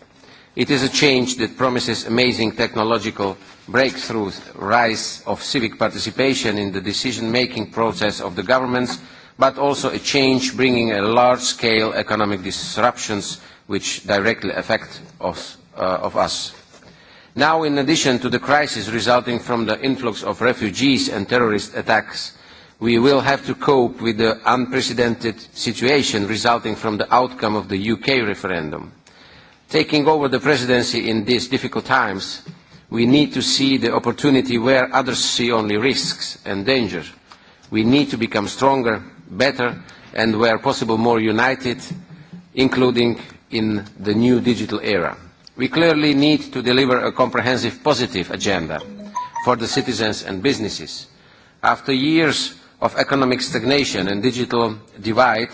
It is a change that promises amazing technological breakthroughs, rise of civic participation in the decision-making process of the governments, but also a change bringing a large-scale economic disruptions which directly affect us, uh, of us. Now, in addition to the crisis resulting from the influx of refugees and terrorist attacks, we will have to cope with the unprecedented situation resulting from the outcome of the UK referendum. Taking over the presidency in these difficult times, we need to see the opportunity where others see only risks and danger. We need to become stronger, better, and where possible more united, including in the new digital era. We clearly need to deliver a comprehensive positive agenda for the citizens and businesses. After years of economic stagnation and digital divide,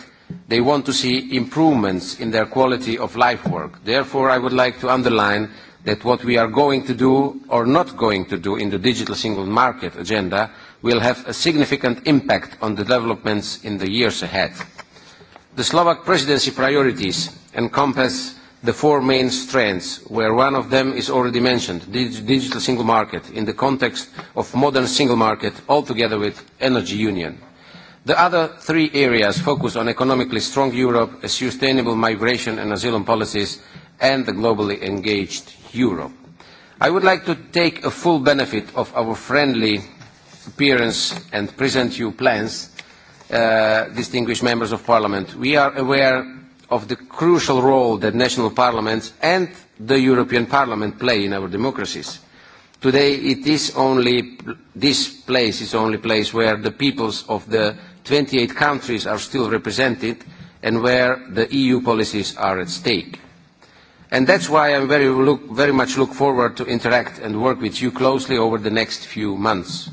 they want to see improvements in their quality of life work. Therefore, I would like to underline that what we are going to do or not going to do in the digital single market agenda will have a significant impact on the developments in the years ahead. The Slovak presidency priorities encompass the four main strands, where one of them is already mentioned, the digital single market, in the context of modern single market, altogether with energy union. The other three areas focus on economically strong Europe, a sustainable migration and asylum policies, and the globally engaged Europe. I would like to take a full benefit of our friendly appearance and present you plans, uh, distinguished members of parliament. We are aware of the crucial role that national parliaments and the European Parliament play in our democracies. Today it is only, this place is the only place where the peoples of the 28 countries are still represented and where the EU policies are at stake. And that's why I very, look, very much look forward to interact and work with you closely over the next few months.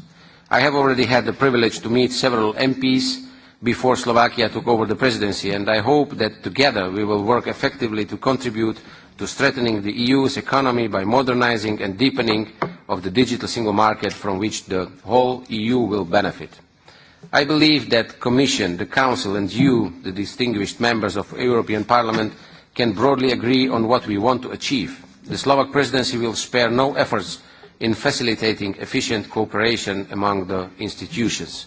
I have already had the privilege to meet several MPs before Slovakia took over the presidency, and I hope that together we will work effectively to contribute to strengthening the EU's economy by modernizing and deepening of the digital single market from which the whole EU will benefit. I believe that the Commission, the Council and you, the distinguished members of the European Parliament, can broadly agree on what we want to achieve. The Slovak presidency will spare no efforts in facilitating efficient cooperation among the institutions.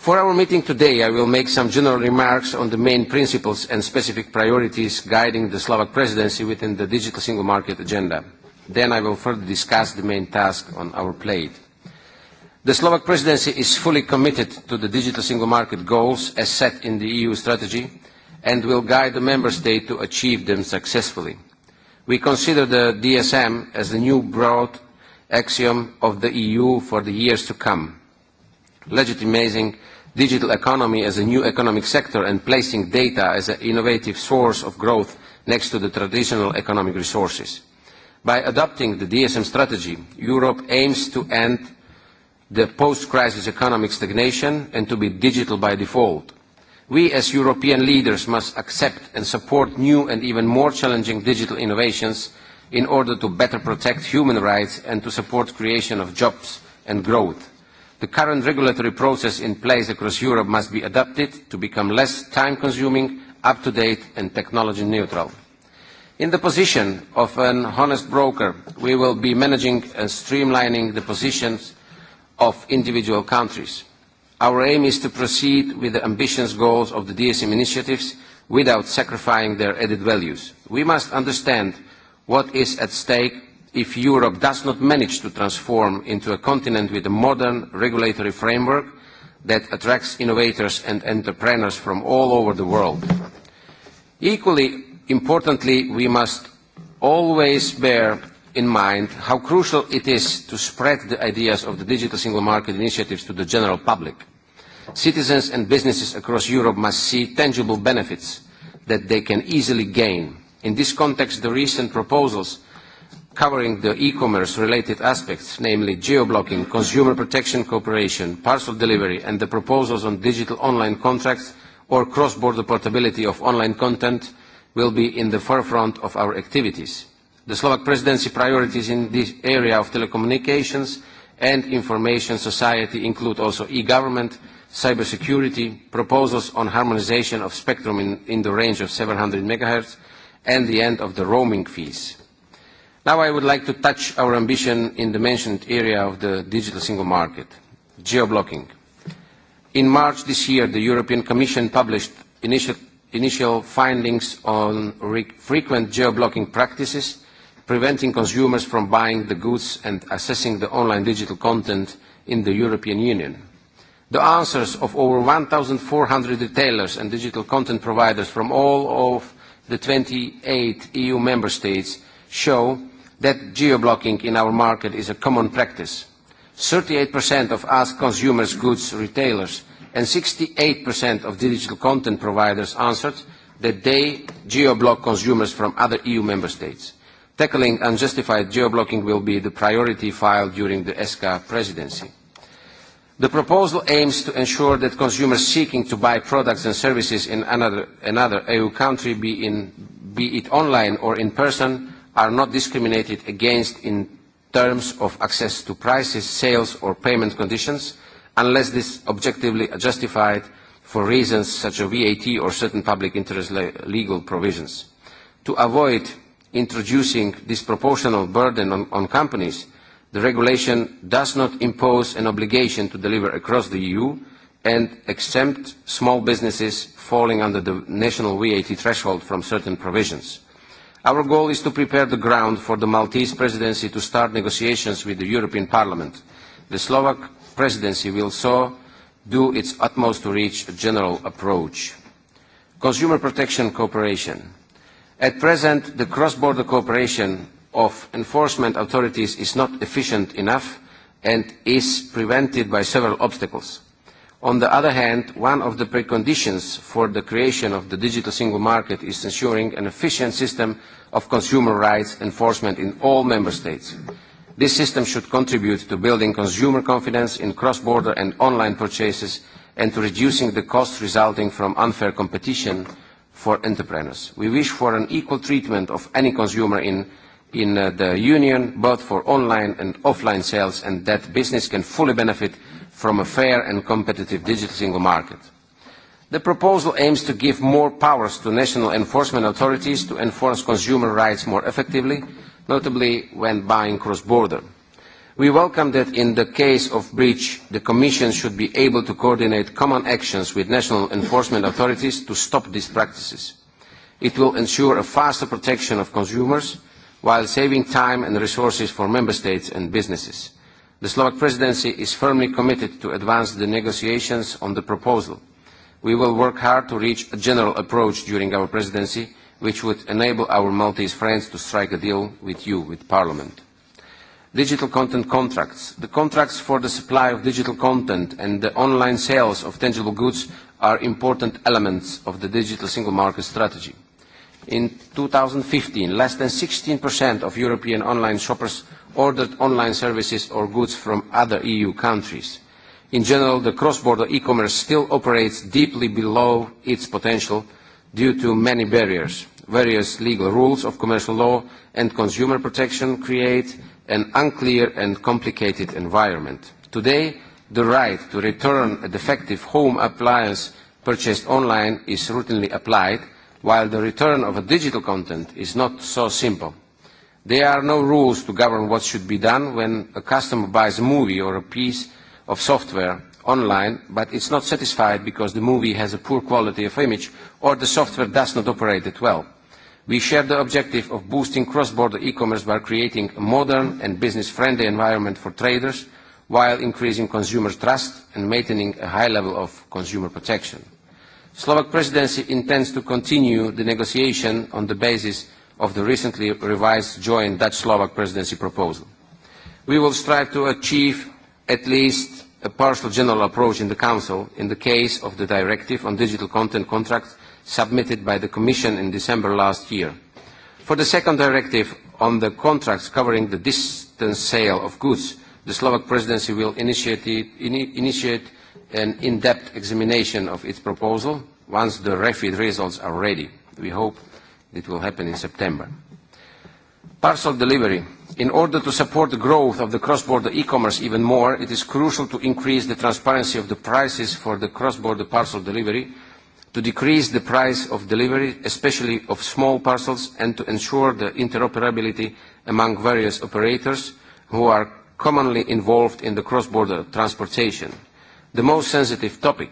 For our meeting today, I will make some general remarks on the main principles and specific priorities guiding the Slovak presidency within the digital single market agenda. Then I will further discuss the main task on our plate. The Slovak presidency is fully committed to the digital single market goals as set in the EU strategy and will guide the member state to achieve them successfully. We consider the DSM as the new broad axiom of the EU for the years to come legitimizing digital economy as a new economic sector and placing data as an innovative source of growth next to the traditional economic resources. By adopting the DSM strategy, Europe aims to end the post-crisis economic stagnation and to be digital by default. We as European leaders must accept and support new and even more challenging digital innovations in order to better protect human rights and to support creation of jobs and growth the current regulatory process in place across Europe must be adapted to become less time-consuming, up-to-date and technology-neutral. In the position of an honest broker, we will be managing and streamlining the positions of individual countries. Our aim is to proceed with the ambitious goals of the DSM initiatives without sacrificing their added values. We must understand what is at stake if Europe does not manage to transform into a continent with a modern regulatory framework that attracts innovators and entrepreneurs from all over the world. Equally importantly, we must always bear in mind how crucial it is to spread the ideas of the digital single market initiatives to the general public. Citizens and businesses across Europe must see tangible benefits that they can easily gain. In this context, the recent proposals covering the e-commerce related aspects, namely geo-blocking, consumer protection cooperation, parcel delivery, and the proposals on digital online contracts or cross-border portability of online content will be in the forefront of our activities. The Slovak presidency priorities in this area of telecommunications and information society include also e-government, cybersecurity, proposals on harmonization of spectrum in, in the range of 700 MHz, and the end of the roaming fees. Now I would like to touch our ambition in the mentioned area of the digital single market, geo-blocking. In March this year, the European Commission published initial, initial findings on frequent geo-blocking practices, preventing consumers from buying the goods and accessing the online digital content in the European Union. The answers of over 1,400 retailers and digital content providers from all of the 28 EU member states show that geo-blocking in our market is a common practice. 38% of asked consumers, goods retailers, and 68% of digital content providers answered that they geo-block consumers from other EU member states. Tackling unjustified geoblocking will be the priority file during the ESCA presidency. The proposal aims to ensure that consumers seeking to buy products and services in another, another EU country, be, in, be it online or in person, are not discriminated against in terms of access to prices, sales or payment conditions unless this is objectively justified for reasons such as VAT or certain public interest le legal provisions. To avoid introducing disproportional burden on, on companies, the regulation does not impose an obligation to deliver across the EU and exempt small businesses falling under the national VAT threshold from certain provisions. Our goal is to prepare the ground for the Maltese presidency to start negotiations with the European Parliament. The Slovak presidency will so do its utmost to reach a general approach. Consumer protection cooperation. At present, the cross-border cooperation of enforcement authorities is not efficient enough and is prevented by several obstacles. On the other hand, one of the preconditions for the creation of the digital single market is ensuring an efficient system of consumer rights enforcement in all member states. This system should contribute to building consumer confidence in cross-border and online purchases and to reducing the costs resulting from unfair competition for entrepreneurs. We wish for an equal treatment of any consumer in, in uh, the Union, both for online and offline sales, and that business can fully benefit from a fair and competitive digital single market. The proposal aims to give more powers to national enforcement authorities to enforce consumer rights more effectively, notably when buying cross-border. We welcome that in the case of breach, the Commission should be able to coordinate common actions with national enforcement authorities to stop these practices. It will ensure a faster protection of consumers while saving time and resources for member states and businesses. The Slovak presidency is firmly committed to advance the negotiations on the proposal. We will work hard to reach a general approach during our presidency, which would enable our Maltese friends to strike a deal with you, with Parliament. Digital content contracts. The contracts for the supply of digital content and the online sales of tangible goods are important elements of the digital single market strategy. In 2015, less than 16% of European online shoppers ordered online services or goods from other EU countries. In general, the cross-border e-commerce still operates deeply below its potential due to many barriers. Various legal rules of commercial law and consumer protection create an unclear and complicated environment. Today, the right to return a defective home appliance purchased online is routinely applied – while the return of a digital content is not so simple. There are no rules to govern what should be done when a customer buys a movie or a piece of software online, but it's not satisfied because the movie has a poor quality of image or the software does not operate it well. We share the objective of boosting cross-border e-commerce by creating a modern and business-friendly environment for traders while increasing consumer trust and maintaining a high level of consumer protection. Slovak presidency intends to continue the negotiation on the basis of the recently revised joint Dutch-Slovak presidency proposal. We will strive to achieve at least a partial general approach in the Council in the case of the directive on digital content contracts submitted by the Commission in December last year. For the second directive on the contracts covering the distance sale of goods, the Slovak presidency will initiate, in, initiate an in-depth examination of its proposal once the REFIT results are ready. We hope it will happen in September. Parcel delivery. In order to support the growth of the cross-border e-commerce even more, it is crucial to increase the transparency of the prices for the cross-border parcel delivery, to decrease the price of delivery, especially of small parcels, and to ensure the interoperability among various operators who are commonly involved in the cross-border transportation the most sensitive topic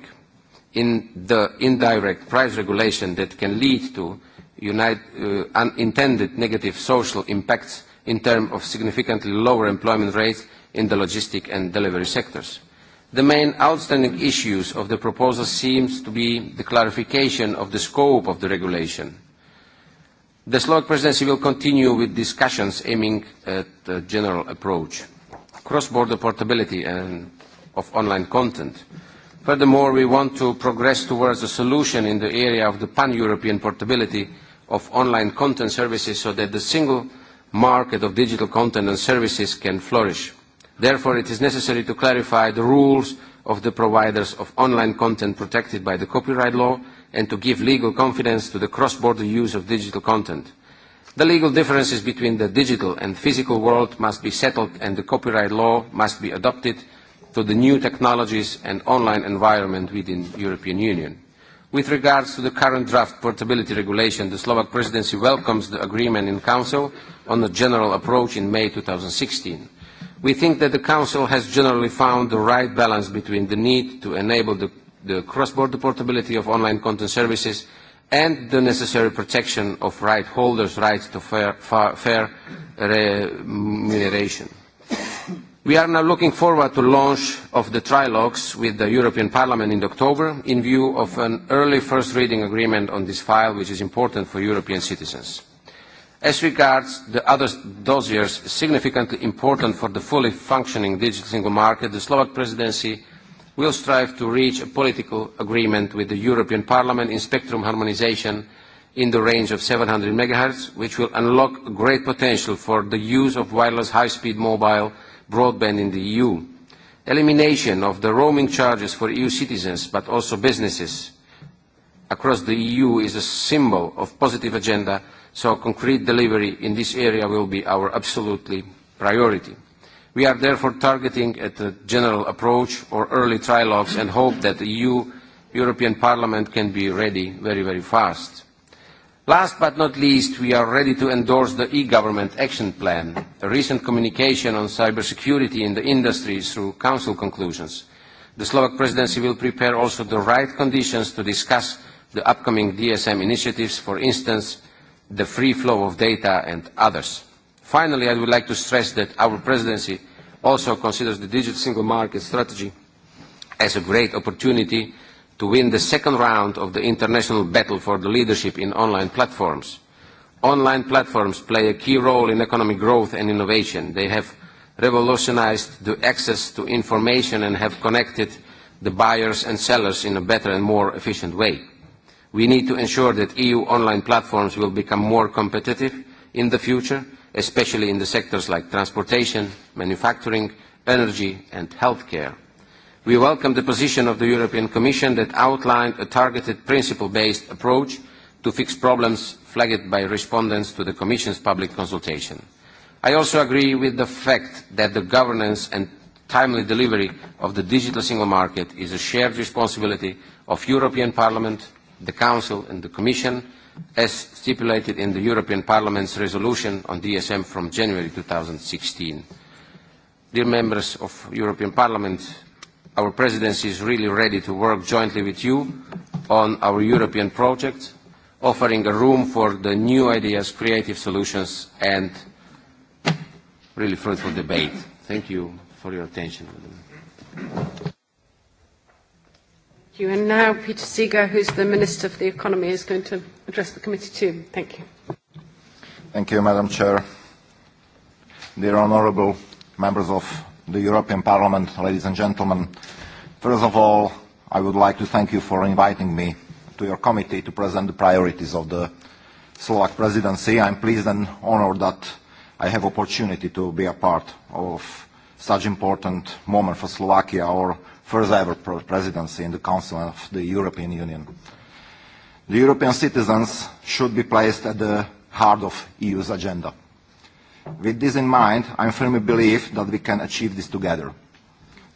in the indirect price regulation that can lead to unite, uh, unintended negative social impacts in terms of significantly lower employment rates in the logistic and delivery sectors. The main outstanding issues of the proposal seems to be the clarification of the scope of the regulation. The Slovak presidency will continue with discussions aiming at a general approach. Cross-border portability and of online content. Furthermore, we want to progress towards a solution in the area of the pan-European portability of online content services so that the single market of digital content and services can flourish. Therefore, it is necessary to clarify the rules of the providers of online content protected by the copyright law and to give legal confidence to the cross-border use of digital content. The legal differences between the digital and physical world must be settled and the copyright law must be adopted to the new technologies and online environment within the European Union. With regards to the current draft portability regulation, the Slovak presidency welcomes the agreement in Council on a general approach in May 2016. We think that the Council has generally found the right balance between the need to enable the, the cross-border portability of online content services and the necessary protection of right holders' rights to fair, fair, fair uh, remuneration. We are now looking forward to launch of the trilogues with the European Parliament in October in view of an early first reading agreement on this file which is important for European citizens. As regards the other dossiers significantly important for the fully functioning digital single market, the Slovak presidency will strive to reach a political agreement with the European Parliament in spectrum harmonization in the range of 700 MHz, which will unlock great potential for the use of wireless high-speed mobile broadband in the EU, elimination of the roaming charges for EU citizens but also businesses across the EU is a symbol of positive agenda, so concrete delivery in this area will be our absolutely priority. We are therefore targeting at a general approach or early trilogues and hope that the EU European Parliament can be ready very, very fast. Last but not least, we are ready to endorse the e-government action plan, a recent communication on cybersecurity in the industry through council conclusions. The Slovak presidency will prepare also the right conditions to discuss the upcoming DSM initiatives, for instance, the free flow of data and others. Finally, I would like to stress that our presidency also considers the digital single market strategy as a great opportunity to win the second round of the international battle for the leadership in online platforms. Online platforms play a key role in economic growth and innovation. They have revolutionized the access to information and have connected the buyers and sellers in a better and more efficient way. We need to ensure that EU online platforms will become more competitive in the future, especially in the sectors like transportation, manufacturing, energy and healthcare. We welcome the position of the European Commission that outlined a targeted principle-based approach to fix problems flagged by respondents to the Commission's public consultation. I also agree with the fact that the governance and timely delivery of the digital single market is a shared responsibility of European Parliament, the Council and the Commission, as stipulated in the European Parliament's resolution on DSM from January 2016. Dear members of European Parliament, our presidency is really ready to work jointly with you on our European project, offering a room for the new ideas, creative solutions, and really fruitful debate. Thank you for your attention. Thank you. And now Peter Seeger, who's the Minister for the Economy, is going to address the committee too. Thank you. Thank you, Madam Chair. Dear Honourable Members of the European Parliament, ladies and gentlemen. First of all, I would like to thank you for inviting me to your committee to present the priorities of the Slovak presidency. I'm pleased and honored that I have opportunity to be a part of such important moment for Slovakia, our first ever presidency in the Council of the European Union. The European citizens should be placed at the heart of EU's agenda. With this in mind, I firmly believe that we can achieve this together.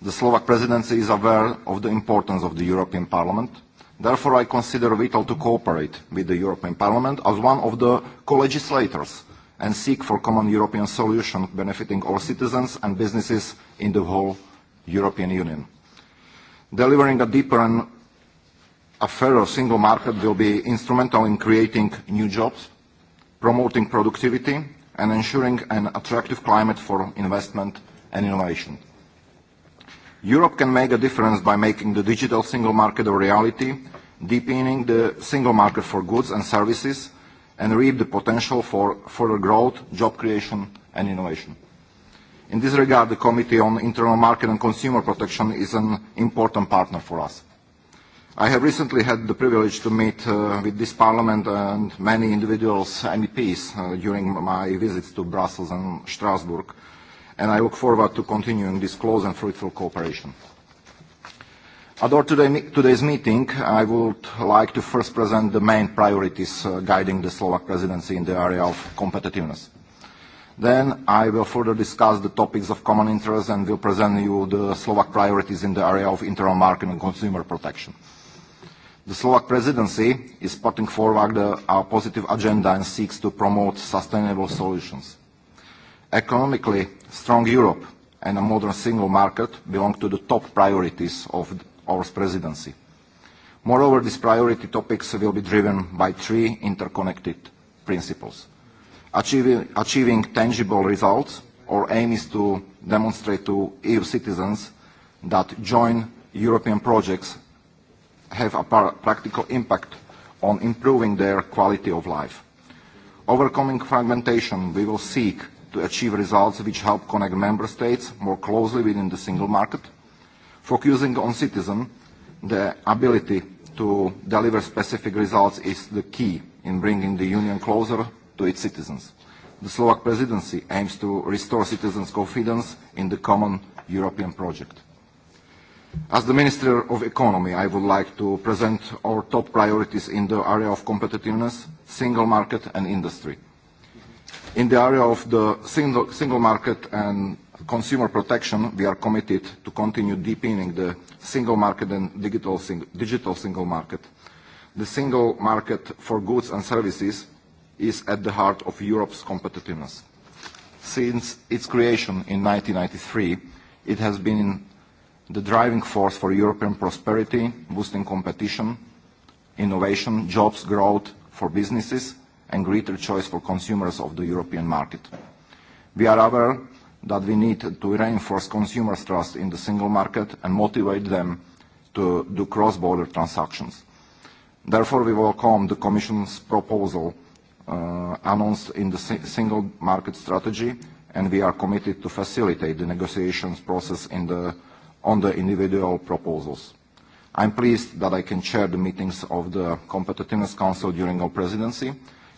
The Slovak presidency is aware of the importance of the European Parliament. Therefore, I consider vital to cooperate with the European Parliament as one of the co-legislators and seek for common European solution benefiting all citizens and businesses in the whole European Union. Delivering a deeper and a fairer single market will be instrumental in creating new jobs, promoting productivity and ensuring an attractive climate for investment and innovation. Europe can make a difference by making the digital single market a reality, deepening the single market for goods and services, and reap the potential for further growth, job creation, and innovation. In this regard, the Committee on Internal Market and Consumer Protection is an important partner for us. I have recently had the privilege to meet uh, with this parliament and many individuals, MEPs, uh, during my visits to Brussels and Strasbourg, and I look forward to continuing this close and fruitful cooperation. At our today, today's meeting, I would like to first present the main priorities uh, guiding the Slovak presidency in the area of competitiveness. Then I will further discuss the topics of common interest and will present you the Slovak priorities in the area of internal market and consumer protection. The Slovak presidency is putting forward the, our positive agenda and seeks to promote sustainable solutions. Economically, strong Europe and a modern single market belong to the top priorities of our presidency. Moreover, these priority topics will be driven by three interconnected principles. Achieving, achieving tangible results, our aim is to demonstrate to EU citizens that joint European projects have a practical impact on improving their quality of life. Overcoming fragmentation, we will seek to achieve results which help connect member states more closely within the single market, focusing on citizens, the ability to deliver specific results is the key in bringing the union closer to its citizens. The Slovak presidency aims to restore citizens' confidence in the common European project. As the Minister of Economy, I would like to present our top priorities in the area of competitiveness, single market and industry. In the area of the single, single market and consumer protection, we are committed to continue deepening the single market and digital, sing digital single market. The single market for goods and services is at the heart of Europe's competitiveness. Since its creation in 1993, it has been the driving force for European prosperity, boosting competition, innovation, jobs, growth for businesses, and greater choice for consumers of the European market. We are aware that we need to reinforce consumers' trust in the single market and motivate them to do cross-border transactions. Therefore, we welcome the Commission's proposal uh, announced in the single market strategy, and we are committed to facilitate the negotiations process in the on the individual proposals. I'm pleased that I can chair the meetings of the Competitiveness Council during our presidency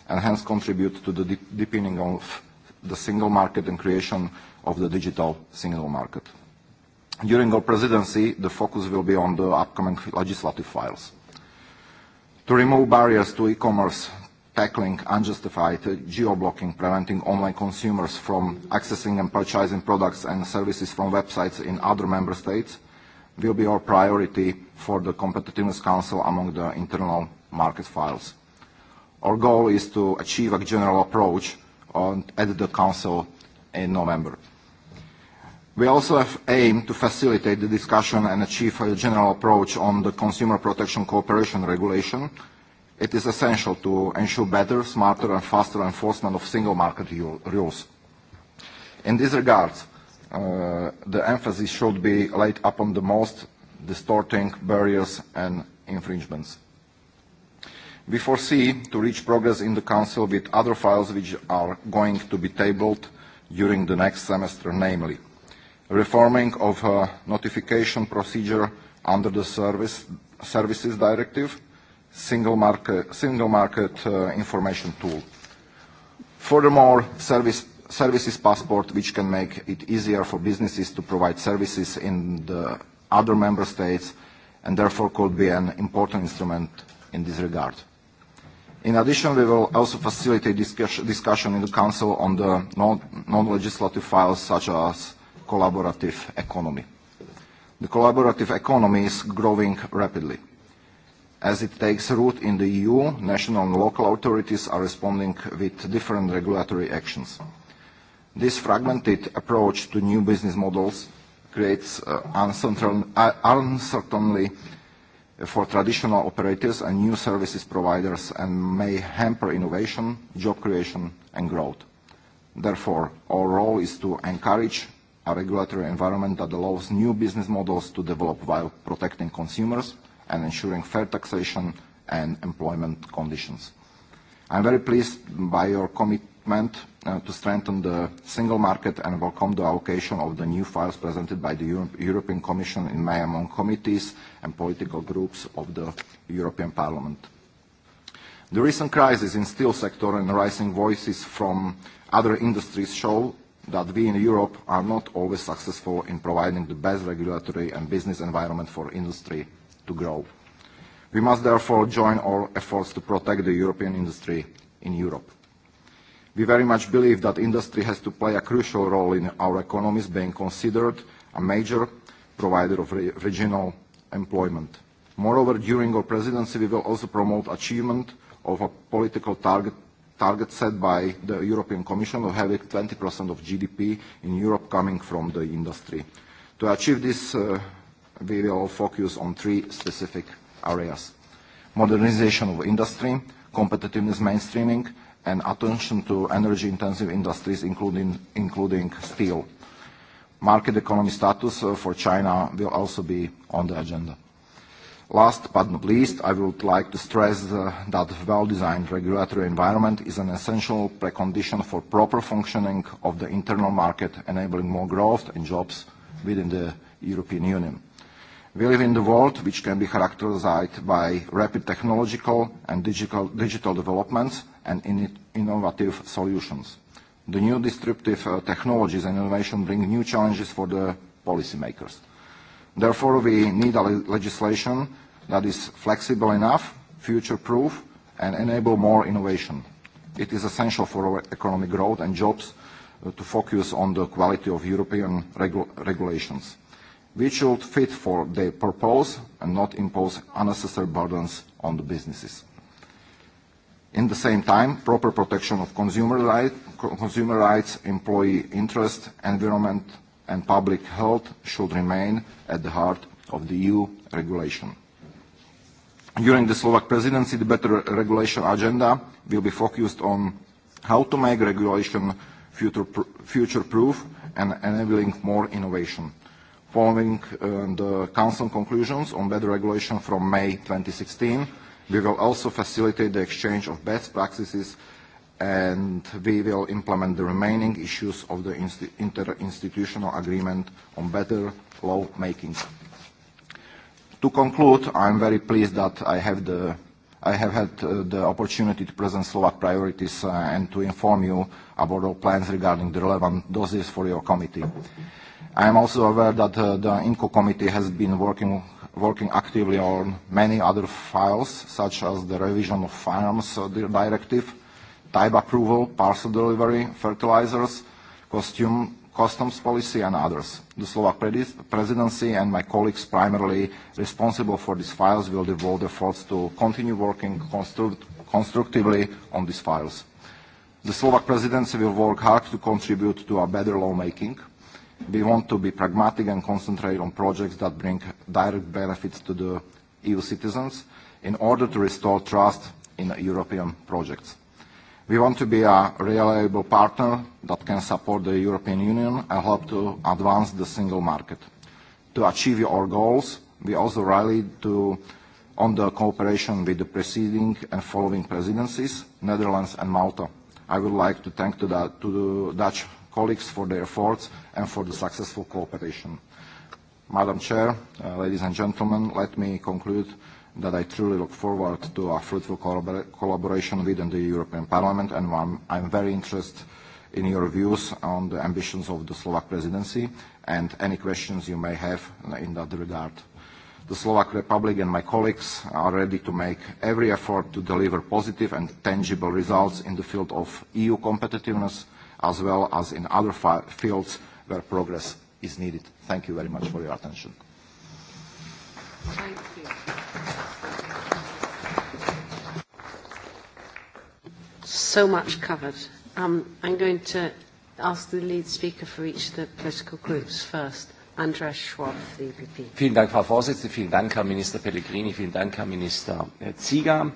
and hence contribute to the deepening of the single market and creation of the digital single market. During our presidency, the focus will be on the upcoming legislative files. To remove barriers to e-commerce tackling unjustified geo-blocking, preventing online consumers from accessing and purchasing products and services from websites in other member states will be our priority for the Competitiveness Council among the internal market files. Our goal is to achieve a general approach on, at the Council in November. We also have aim to facilitate the discussion and achieve a general approach on the Consumer Protection Cooperation Regulation, it is essential to ensure better, smarter and faster enforcement of single market rules. In this regard, uh, the emphasis should be laid upon the most distorting barriers and infringements. We foresee to reach progress in the Council with other files which are going to be tabled during the next semester, namely reforming of a notification procedure under the service, Services Directive, single market, single market uh, information tool. Furthermore, service, services passport, which can make it easier for businesses to provide services in the other member states, and therefore could be an important instrument in this regard. In addition, we will also facilitate discuss discussion in the Council on the non-legislative non files such as collaborative economy. The collaborative economy is growing rapidly. As it takes root in the EU, national and local authorities are responding with different regulatory actions. This fragmented approach to new business models creates uh, uh uncertainty for traditional operators and new services providers and may hamper innovation, job creation and growth. Therefore, our role is to encourage a regulatory environment that allows new business models to develop while protecting consumers, and ensuring fair taxation and employment conditions. I am very pleased by your commitment uh, to strengthen the single market and welcome the allocation of the new files presented by the Euro European Commission in May among committees and political groups of the European Parliament. The recent crisis in steel sector and rising voices from other industries show that we in Europe are not always successful in providing the best regulatory and business environment for industry to grow. We must therefore join our efforts to protect the European industry in Europe. We very much believe that industry has to play a crucial role in our economies being considered a major provider of re regional employment. Moreover, during our presidency, we will also promote achievement of a political target, target set by the European Commission of having 20% of GDP in Europe coming from the industry. To achieve this, uh, we will focus on three specific areas. Modernization of industry, competitiveness mainstreaming, and attention to energy-intensive industries, including, including steel. Market economy status uh, for China will also be on the agenda. Last but not least, I would like to stress uh, that a well-designed regulatory environment is an essential precondition for proper functioning of the internal market, enabling more growth and jobs within the European Union. We live in the world which can be characterized by rapid technological and digital, digital developments and in innovative solutions. The new disruptive uh, technologies and innovation bring new challenges for the policymakers. Therefore, we need a le legislation that is flexible enough, future-proof, and enable more innovation. It is essential for our economic growth and jobs uh, to focus on the quality of European regu regulations which should fit for their purpose and not impose unnecessary burdens on the businesses. In the same time, proper protection of consumer, right, consumer rights, employee interest, environment and public health should remain at the heart of the EU regulation. During the Slovak presidency, the better regulation agenda will be focused on how to make regulation future-proof future and enabling more innovation. Following uh, the uh, Council conclusions on better regulation from May 2016, we will also facilitate the exchange of best practices and we will implement the remaining issues of the interinstitutional agreement on better law making. To conclude, I am very pleased that I have, the, I have had uh, the opportunity to present Slovak priorities uh, and to inform you about our plans regarding the relevant doses for your committee. I am also aware that uh, the INCO committee has been working, working actively on many other files, such as the revision of firearms uh, directive, type approval, parcel delivery, fertilizers, costume, customs policy, and others. The Slovak presidency and my colleagues primarily responsible for these files will devote efforts to continue working construct constructively on these files. The Slovak presidency will work hard to contribute to a better lawmaking We want to be pragmatic and concentrate on projects that bring direct benefits to the EU citizens in order to restore trust in European projects. We want to be a reliable partner that can support the European Union and help to advance the single market. To achieve our goals, we also rally to, on the cooperation with the preceding and following presidencies, Netherlands and Malta. I would like to thank to the, to the Dutch colleagues for their efforts and for the successful cooperation. Madam Chair, uh, ladies and gentlemen, let me conclude that I truly look forward to a fruitful collabor collaboration within the European Parliament and I'm, I'm very interested in your views on the ambitions of the Slovak presidency and any questions you may have in that regard. The Slovak Republic and my colleagues are ready to make every effort to deliver positive and tangible results in the field of EU competitiveness, as well as in other fields where progress is needed. Thank you very much for your attention. Thank you. So much covered. Um, I'm going to ask the lead speaker for each of the political groups first. Andreas Schwab, the EPP. Vielen Dank, Frau Vorsitzende. Vielen Dank, Herr Minister Pellegrini. Vielen Dank, Herr Minister äh, Zieger.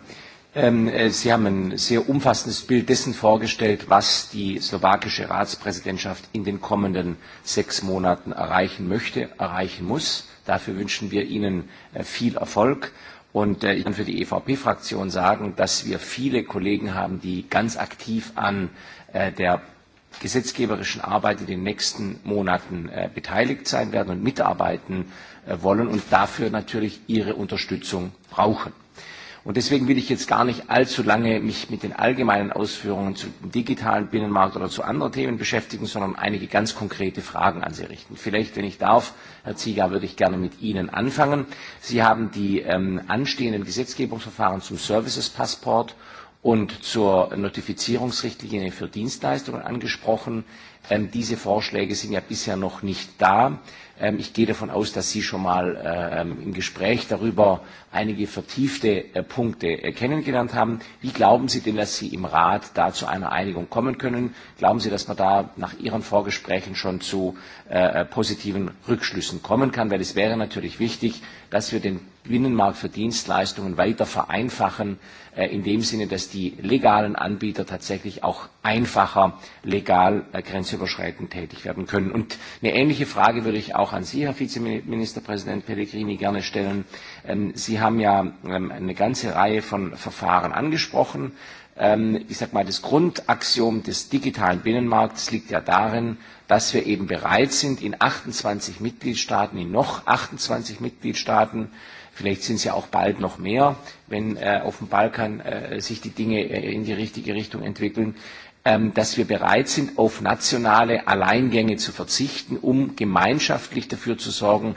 Ähm, äh, Sie haben ein sehr umfassendes Bild dessen vorgestellt, was die slowakische Ratspräsidentschaft in den kommenden sechs Monaten erreichen möchte, erreichen muss. Dafür wünschen wir Ihnen äh, viel Erfolg. Und äh, ich kann für die EVP-Fraktion sagen, dass wir viele Kollegen haben, die ganz aktiv an der gesetzgeberischen Arbeit in den nächsten Monaten beteiligt sein werden und mitarbeiten wollen und dafür natürlich Ihre Unterstützung brauchen. Und deswegen will ich jetzt gar nicht allzu lange mich mit den allgemeinen Ausführungen zum digitalen Binnenmarkt oder zu anderen Themen beschäftigen, sondern einige ganz konkrete Fragen an Sie richten. Vielleicht, wenn ich darf, Herr Zieger, würde ich gerne mit Ihnen anfangen. Sie haben die ähm, anstehenden Gesetzgebungsverfahren zum Services-Passport und zur Notifizierungsrichtlinie für Dienstleistungen angesprochen. Ähm, diese Vorschläge sind ja bisher noch nicht da. Ähm, ich gehe davon aus, dass Sie schon mal ähm, im Gespräch darüber einige vertiefte äh, Punkte äh, kennengelernt haben. Wie glauben Sie denn, dass Sie im Rat da zu einer Einigung kommen können? Glauben Sie, dass man da nach Ihren Vorgesprächen schon zu äh, äh positiven Rückschlüssen kommen kann? Weil es wäre natürlich wichtig, dass wir den Binnenmarkt für Dienstleistungen weiter vereinfachen, äh, in dem Sinne, dass die legalen Anbieter tatsächlich auch einfacher legal äh, grenzüberschreitend tätig werden können. Und eine ähnliche Frage würde ich auch an Sie, Herr Vizeministerpräsident Pellegrini, gerne stellen. Ähm, Sie haben ja ähm, eine ganze Reihe von Verfahren angesprochen. Ähm, ich sage mal, das Grundaxiom des digitalen Binnenmarkts liegt ja darin, dass wir eben bereit sind, in 28 Mitgliedstaaten, in noch 28 Mitgliedstaaten, äh, Vielleicht sind es ja auch bald noch mehr, wenn äh, auf dem Balkan äh, sich die Dinge äh, in die richtige Richtung entwickeln, ähm, dass wir bereit sind, auf nationale Alleingänge zu verzichten, um gemeinschaftlich dafür zu sorgen,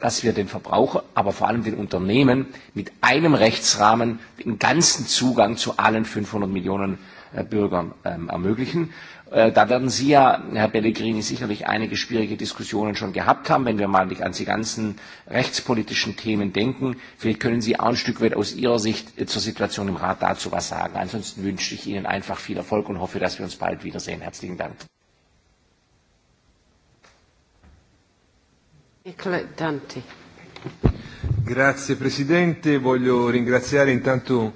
dass wir den Verbraucher, aber vor allem den Unternehmen mit einem Rechtsrahmen den ganzen Zugang zu allen 500 Millionen äh, Bürgern ähm, ermöglichen. Äh, da werden Sie ja, Herr Pellegrini, sicherlich einige schwierige Diskussionen schon gehabt haben, wenn wir mal an die ganzen rechtspolitischen Themen denken. Vielleicht können Sie auch ein Stück weit aus Ihrer Sicht äh, zur Situation im Rat dazu was sagen. Ansonsten wünsche ich Ihnen einfach viel Erfolg und hoffe, dass wir uns bald wiedersehen. Herzlichen Dank. Grazie Presidente, voglio ringraziare intanto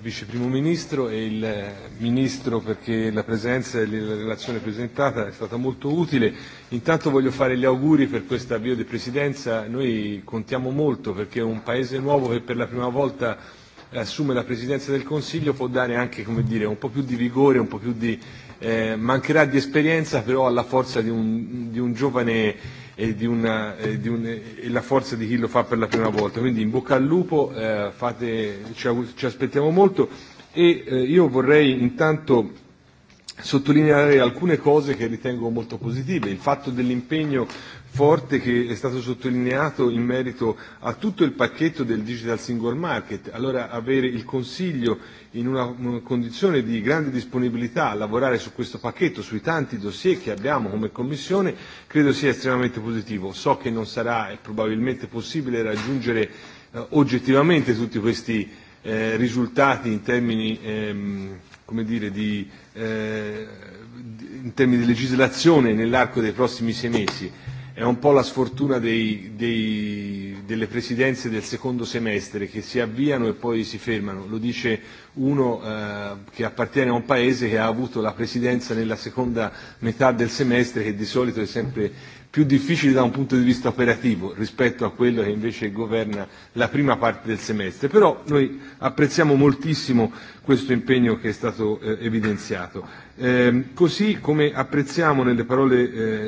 Vice Primo Ministro e il Ministro perché la presenza e la relazione presentata è stata molto utile. Intanto voglio fare gli auguri per questo avvio di Presidenza. Noi contiamo molto perché un Paese nuovo che per la prima volta assume la Presidenza del Consiglio può dare anche come dire, un po' più di vigore, un po' più di... Eh, mancherà di esperienza però alla forza di un, di un giovane e, di una, e, di un, e la forza di chi lo fa per la prima volta. Quindi in bocca al lupo, eh, fate, ci, ci aspettiamo molto e eh, io vorrei intanto sottolineare alcune cose che ritengo molto positive. Il fatto dell'impegno forte che è stato sottolineato in merito a tutto il pacchetto del Digital Single Market. Allora avere il Consiglio in una, condizione di grande disponibilità a lavorare su questo pacchetto, sui tanti dossier che abbiamo come Commissione, credo sia estremamente positivo. So che non sarà probabilmente possibile raggiungere eh, oggettivamente tutti questi eh, risultati in termini ehm, come dire, di, eh, in termini di legislazione nell'arco dei prossimi sei mesi è un po' la sfortuna dei, dei, delle presidenze del secondo semestre che si avviano e poi si fermano. Lo dice uno eh, che appartiene a un paese che ha avuto la presidenza nella seconda metà del semestre che di solito è sempre più difficili da un punto di vista operativo rispetto a quello che invece governa la prima parte del semestre, però noi apprezziamo moltissimo questo impegno che è stato eh, evidenziato. Eh, così come apprezziamo nelle parole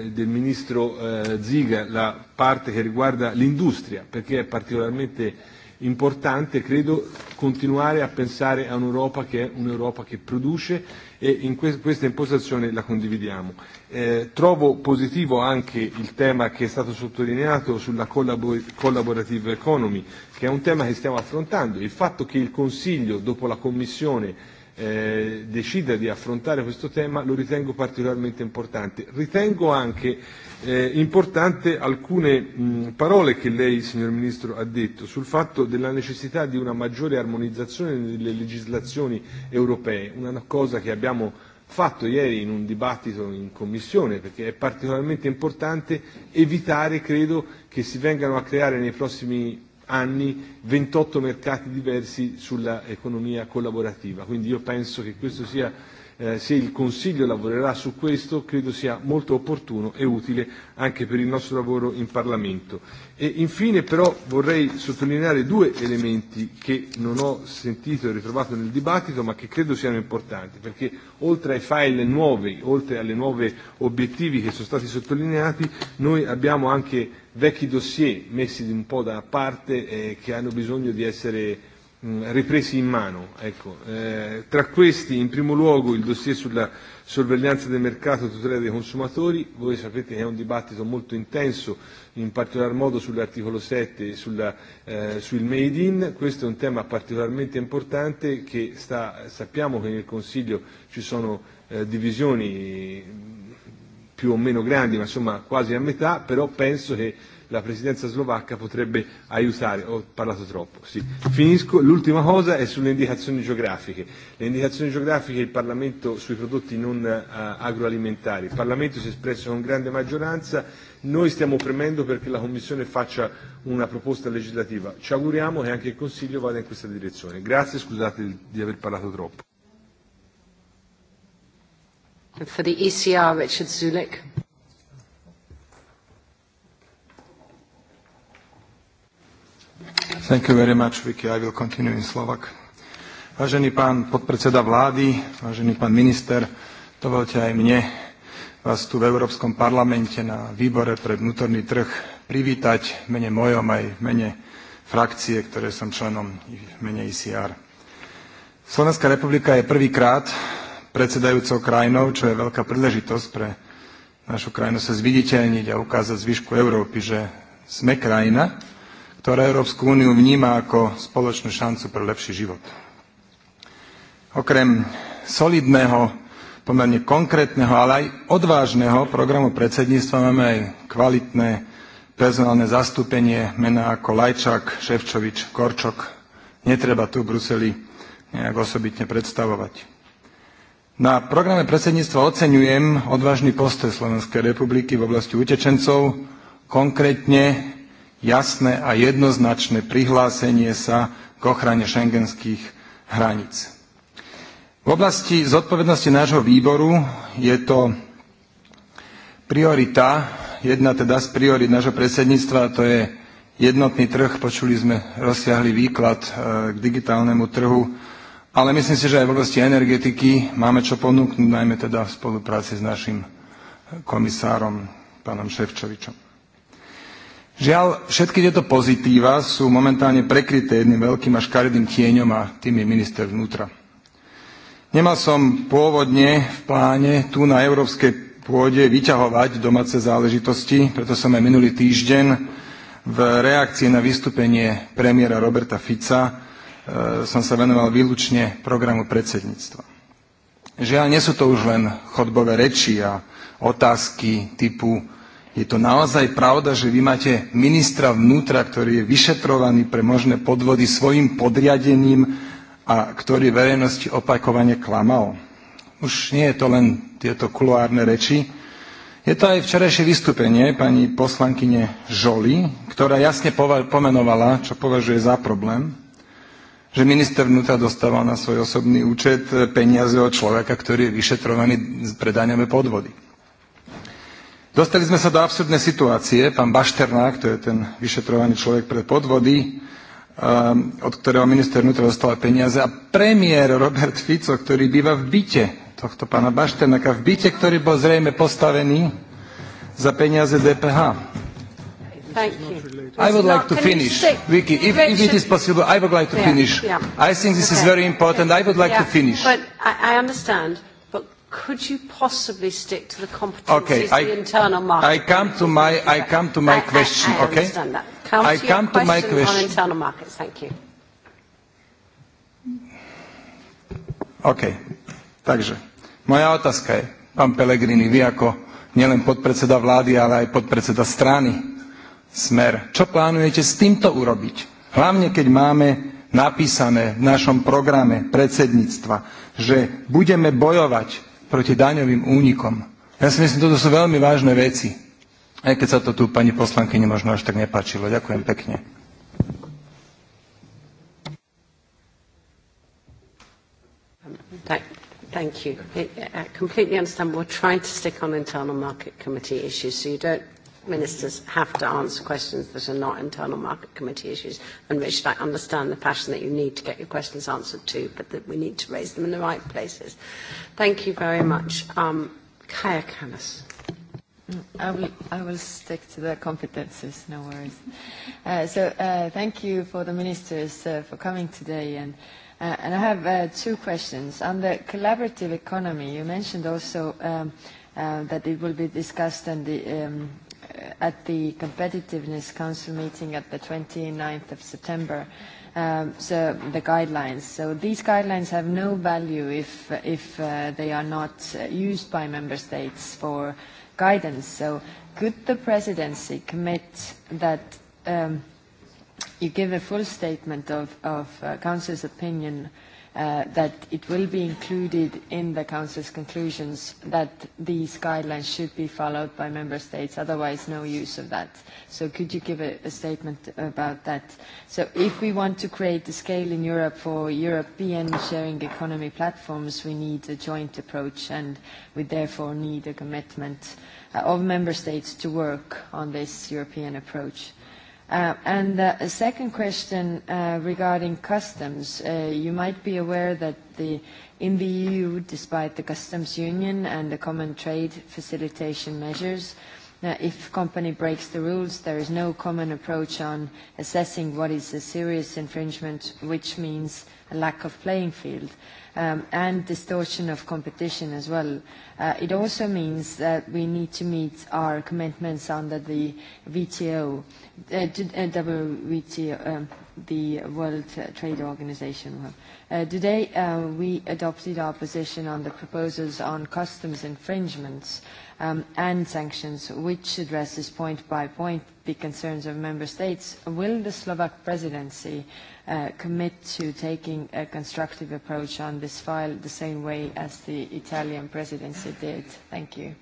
eh, del Ministro eh, Ziga la parte che riguarda l'industria, perché è particolarmente importante, credo, continuare a pensare a un'Europa che è un'Europa che produce e in que- questa impostazione la condividiamo. Eh, trovo positivo anche il tema che è stato sottolineato sulla collabor- collaborative economy, che è un tema che stiamo affrontando. Il fatto che il Consiglio, dopo la Commissione, Eh, decida di affrontare questo tema lo ritengo particolarmente importante. Ritengo anche eh, importante alcune mh, parole che lei, signor Ministro, ha detto sul fatto della necessità di una maggiore armonizzazione delle legislazioni europee, una cosa che abbiamo fatto ieri in un dibattito in commissione, perché è particolarmente importante evitare, credo, che si vengano a creare nei prossimi anni 28 mercati diversi sull'economia collaborativa. Quindi io penso che questo sia eh, se il Consiglio lavorerà su questo credo sia molto opportuno e utile anche per il nostro lavoro in Parlamento. E infine però vorrei sottolineare due elementi che non ho sentito e ritrovato nel dibattito ma che credo siano importanti perché oltre ai file nuovi, oltre alle nuove obiettivi che sono stati sottolineati, noi abbiamo anche vecchi dossier messi un po' da parte eh, che hanno bisogno di essere Mm, ripresi in mano. Ecco. Eh, tra questi, in primo luogo, il dossier sulla sorveglianza del mercato e tutela dei consumatori. Voi sapete che è un dibattito molto intenso, in particolar modo sull'articolo 7 e sulla, eh, sul Made in. Questo è un tema particolarmente importante che sta, sappiamo che nel Consiglio ci sono eh, divisioni più o meno grandi, ma insomma quasi a metà, però penso che la presidenza slovacca potrebbe aiutare. Ho parlato troppo, sì. Finisco. L'ultima cosa è sulle indicazioni geografiche. Le indicazioni geografiche il Parlamento sui prodotti non uh, agroalimentari. Il Parlamento si è espresso con grande maggioranza. Noi stiamo premendo perché la Commissione faccia una proposta legislativa. Ci auguriamo che anche il Consiglio vada in questa direzione. Grazie, scusate di aver parlato troppo. For the ECR, Richard Zulik. Thank you very much, Vicky. I will continue in Slovak. Vážený pán podpredseda vlády, vážený pán minister, dovolte aj mne vás tu v Európskom parlamente na výbore pre vnútorný trh privítať mene mojom aj mene frakcie, ktoré som členom v mene ICR. Slovenská republika je prvýkrát predsedajúcou krajinou, čo je veľká príležitosť pre našu krajinu sa zviditeľniť a ukázať zvyšku Európy, že sme krajina, ktoré Európsku úniu vníma ako spoločnú šancu pre lepší život. Okrem solidného, pomerne konkrétneho, ale aj odvážneho programu predsedníctva máme aj kvalitné personálne zastúpenie mená ako Lajčák, Ševčovič, Korčok. Netreba tu v Bruseli nejak osobitne predstavovať. Na programe predsedníctva oceňujem odvážny postoj Slovenskej republiky v oblasti utečencov, konkrétne jasné a jednoznačné prihlásenie sa k ochrane šengenských hraníc. V oblasti zodpovednosti nášho výboru je to priorita, jedna teda z priorit nášho predsedníctva, to je jednotný trh, počuli sme rozsiahli výklad e, k digitálnemu trhu, ale myslím si, že aj v oblasti energetiky máme čo ponúknuť, najmä teda v spolupráci s našim komisárom, pánom Ševčovičom. Žiaľ, všetky tieto pozitíva sú momentálne prekryté jedným veľkým a škaredým tieňom a tým je minister vnútra. Nemal som pôvodne v pláne tu na európskej pôde vyťahovať domáce záležitosti, preto som aj minulý týždeň v reakcii na vystúpenie premiéra Roberta Fica e, som sa venoval výlučne programu predsedníctva. Žiaľ, nie sú to už len chodbové reči a otázky typu Je to naozaj pravda, že vy máte ministra vnútra, ktorý je vyšetrovaný pre možné podvody svojim podriadením a ktorý verejnosti opakovane klamal. Už nie je to len tieto kuluárne reči. Je to aj včerajšie vystúpenie pani poslankyne Žoli, ktorá jasne pomenovala, čo považuje za problém, že minister vnútra dostával na svoj osobný účet peniaze od človeka, ktorý je vyšetrovaný pre daňové podvody. Dostali sme sa do absurdnej situácie. Pán Bašternák, to je ten vyšetrovaný človek pre podvody, um, od ktorého minister vnútra dostal peniaze. A premiér Robert Fico, ktorý býva v byte tohto pána Bašternáka, v byte, ktorý bol zrejme postavený za peniaze DPH. Thank you. I would like to finish, Vicky, if, if it is possible, I would like to finish. I think this is very important. I would like to finish. But I understand could you possibly stick to the competencies okay, of I, the internal market? I come to my, I come to my I, question, I, I okay? understand that. Come I to come your to question my question on internal markets. Thank you. Okay. Takže, moja otázka je, pán Pelegrini, vy ako nielen podpredseda vlády, ale aj podpredseda strany, smer, čo plánujete s týmto urobiť? Hlavne, keď máme napísané v našom programe predsedníctva, že budeme bojovať proti daňovým únikom. Ja si myslím, toto sú veľmi vážne veci, aj keď sa to tu pani poslankyni možno až tak nepačilo. Ďakujem pekne. Thank you. I, I completely understand we're trying to stick on internal market committee issues, so you don't ministers have to answer questions that are not internal market committee issues. And Richard, I understand the passion that you need to get your questions answered too, but that we need to raise them in the right places. Thank you very much. Um, Kaya Kanis. I will, I will stick to the competences, no worries. Uh, so uh, thank you for the ministers uh, for coming today. And, uh, and I have uh, two questions. On the collaborative economy, you mentioned also um, uh, that it will be discussed and the um, Uh, at the Competitiveness Council meeting at the 29th of September, um, so the guidelines. So these guidelines have no value if, if uh, they are not uh, used by member states for guidance. So could the presidency commit that um, – you give a full statement of, of uh, Council's opinion uh, that it will be included in the Council's conclusions that these guidelines should be followed by Member States, otherwise no use of that. So could you give a, a statement about that? So if we want to create a scale in Europe for European sharing economy platforms, we need a joint approach and we therefore need a commitment uh, of Member States to work on this European approach. Uh, and uh, a second question uh, regarding customs. Uh, you might be aware that the, in the EU, despite the customs union and the common trade facilitation measures, uh, If if company breaks the rules, there is no common approach on assessing what is a serious infringement, which means a lack of playing field um, and distortion of competition as well. Uh, it also means that we need to meet our commitments under the WTO, uh, WTO uh, um, the World Trade Organization. Uh, today uh, we adopted our position on the proposals on customs infringements um, and sanctions, which addresses point by point the concerns of member states, will the Slovak presidency uh, commit to taking a constructive approach on this file the same way as the Italian presidency did? Thank you.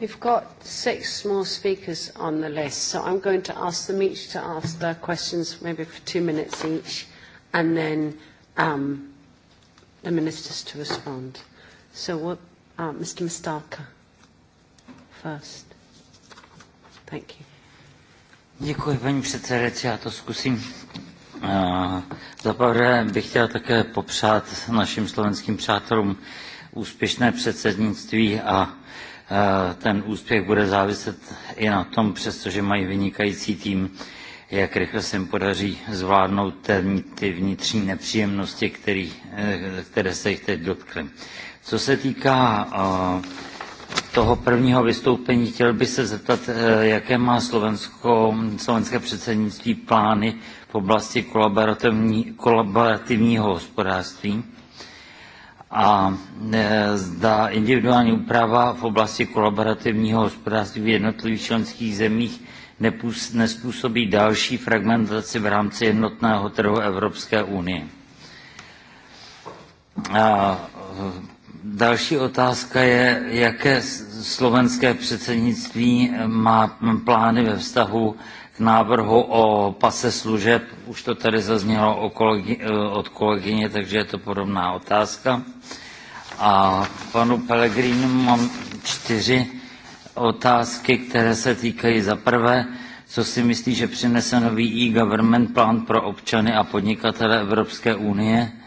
We've got six more speakers on the list, so I'm going to ask them each to ask their questions maybe for two minutes each, and then um, the ministers to respond. So what, uh, Mr. Mustaka, first. Thank you. Děkuji, paní předsedající, já to zkusím. Zaprvé bych chtěl také popřát našim slovenským přátelům úspěšné předsednictví a ten úspěch bude záviset i na tom, přestože mají vynikající tým, jak rychle se jim podaří zvládnout ten, ty vnitřní nepříjemnosti, který, eh, které se jich teď dotkly. Co se týká eh, toho prvního vystoupení, chtěl bych se zeptat, eh, jaké má Slovensko, slovenské předsednictví plány v oblasti kolaborativní, kolaborativního hospodářství a eh, zda individuální úprava v oblasti kolaborativního hospodářství v jednotlivých členských zemích nespůsobí další fragmentaci v rámci jednotného trhu Evropské unie. A Další otázka je, jaké slovenské předsednictví má plány ve vztahu k návrhu o pase služeb. Už to tady zaznělo eh, od kolegyně, takže je to podobná otázka. A panu Pelegrínu mám čtyři otázky, které se týkají za prvé, co si myslí, že přinese nový e-government plán pro občany a podnikatele Evropské unie –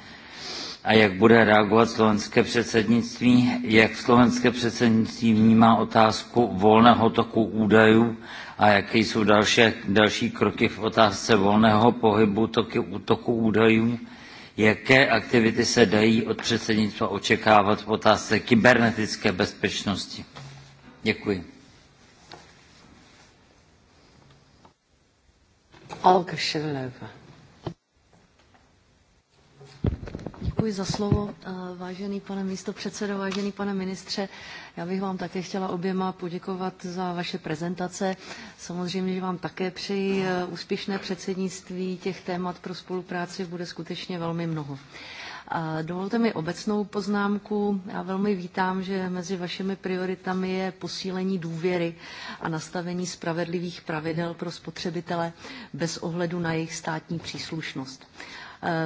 a jak bude reagovat slovenské předsednictví, jak slovenské předsednictví vnímá otázku volného toku údajů a jaké jsou další, další kroky v otázce volného pohybu toky, toku údajů, jaké aktivity se dají od předsednictva očekávat v otázce kybernetické bezpečnosti. Děkuji. Olga Šilnova. Děkuji za slovo, eh, vážený pane místo předsedo, vážený pane ministře. Já bych vám také chtěla oběma poděkovat za vaše prezentace. Samozřejmě, že vám také přeji eh, úspěšné předsednictví. Těch témat pro spolupráci bude skutečně velmi mnoho. Dovolte mi obecnou poznámku. Já velmi vítám, že mezi vašimi prioritami je posílení důvěry a nastavení spravedlivých pravidel pro spotřebitele bez ohledu na jejich státní příslušnost.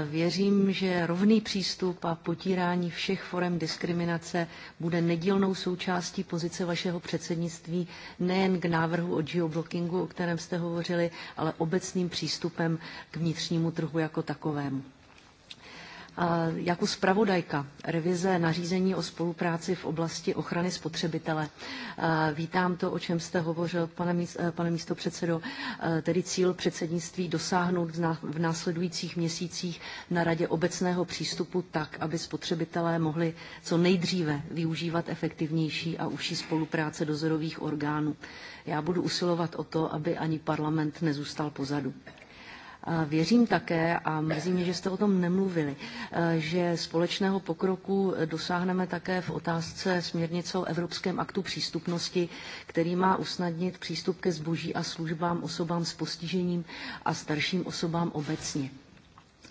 Věřím, že rovný přístup a potírání všech forem diskriminace bude nedílnou součástí pozice vašeho předsednictví nejen k návrhu o geoblockingu, o kterém jste hovořili, ale obecným přístupem k vnitřnímu trhu jako takovému jako zpravodajka revize nařízení o spolupráci v oblasti ochrany spotřebitele. Vítám to, o čem jste hovořil, pane, míst, eh, pane místopředsedo, eh, tedy cíl předsednictví dosáhnout v následujících měsících na radě obecného přístupu tak, aby spotřebitelé mohli co nejdříve využívat efektivnější a užší spolupráce dozorových orgánů. Já budu usilovat o to, aby ani parlament nezůstal pozadu. Věřím také, a mrzí mě, že jste o tom nemluvili, eh, že společného pokroku eh, dosáhneme také v otázce směrnice o Evropském aktu přístupnosti, který má usnadnit přístup ke zboží a službám osobám s postižením a starším osobám obecně.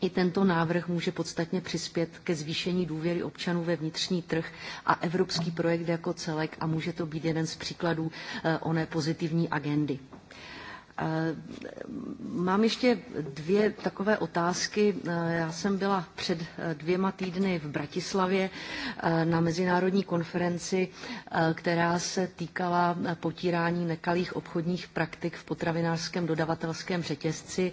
I tento návrh může podstatně přispět ke zvýšení důvěry občanů ve vnitřní trh a evropský projekt jako celek a může to být jeden z příkladů eh, oné pozitivní agendy. Eh, mám ještě dvě takové otázky. Eh, já jsem byla před eh, dvěma týdny v Bratislavě na mezinárodní konferenci, která se týkala potírání nekalých obchodních praktik v potravinářském dodavatelském řetězci.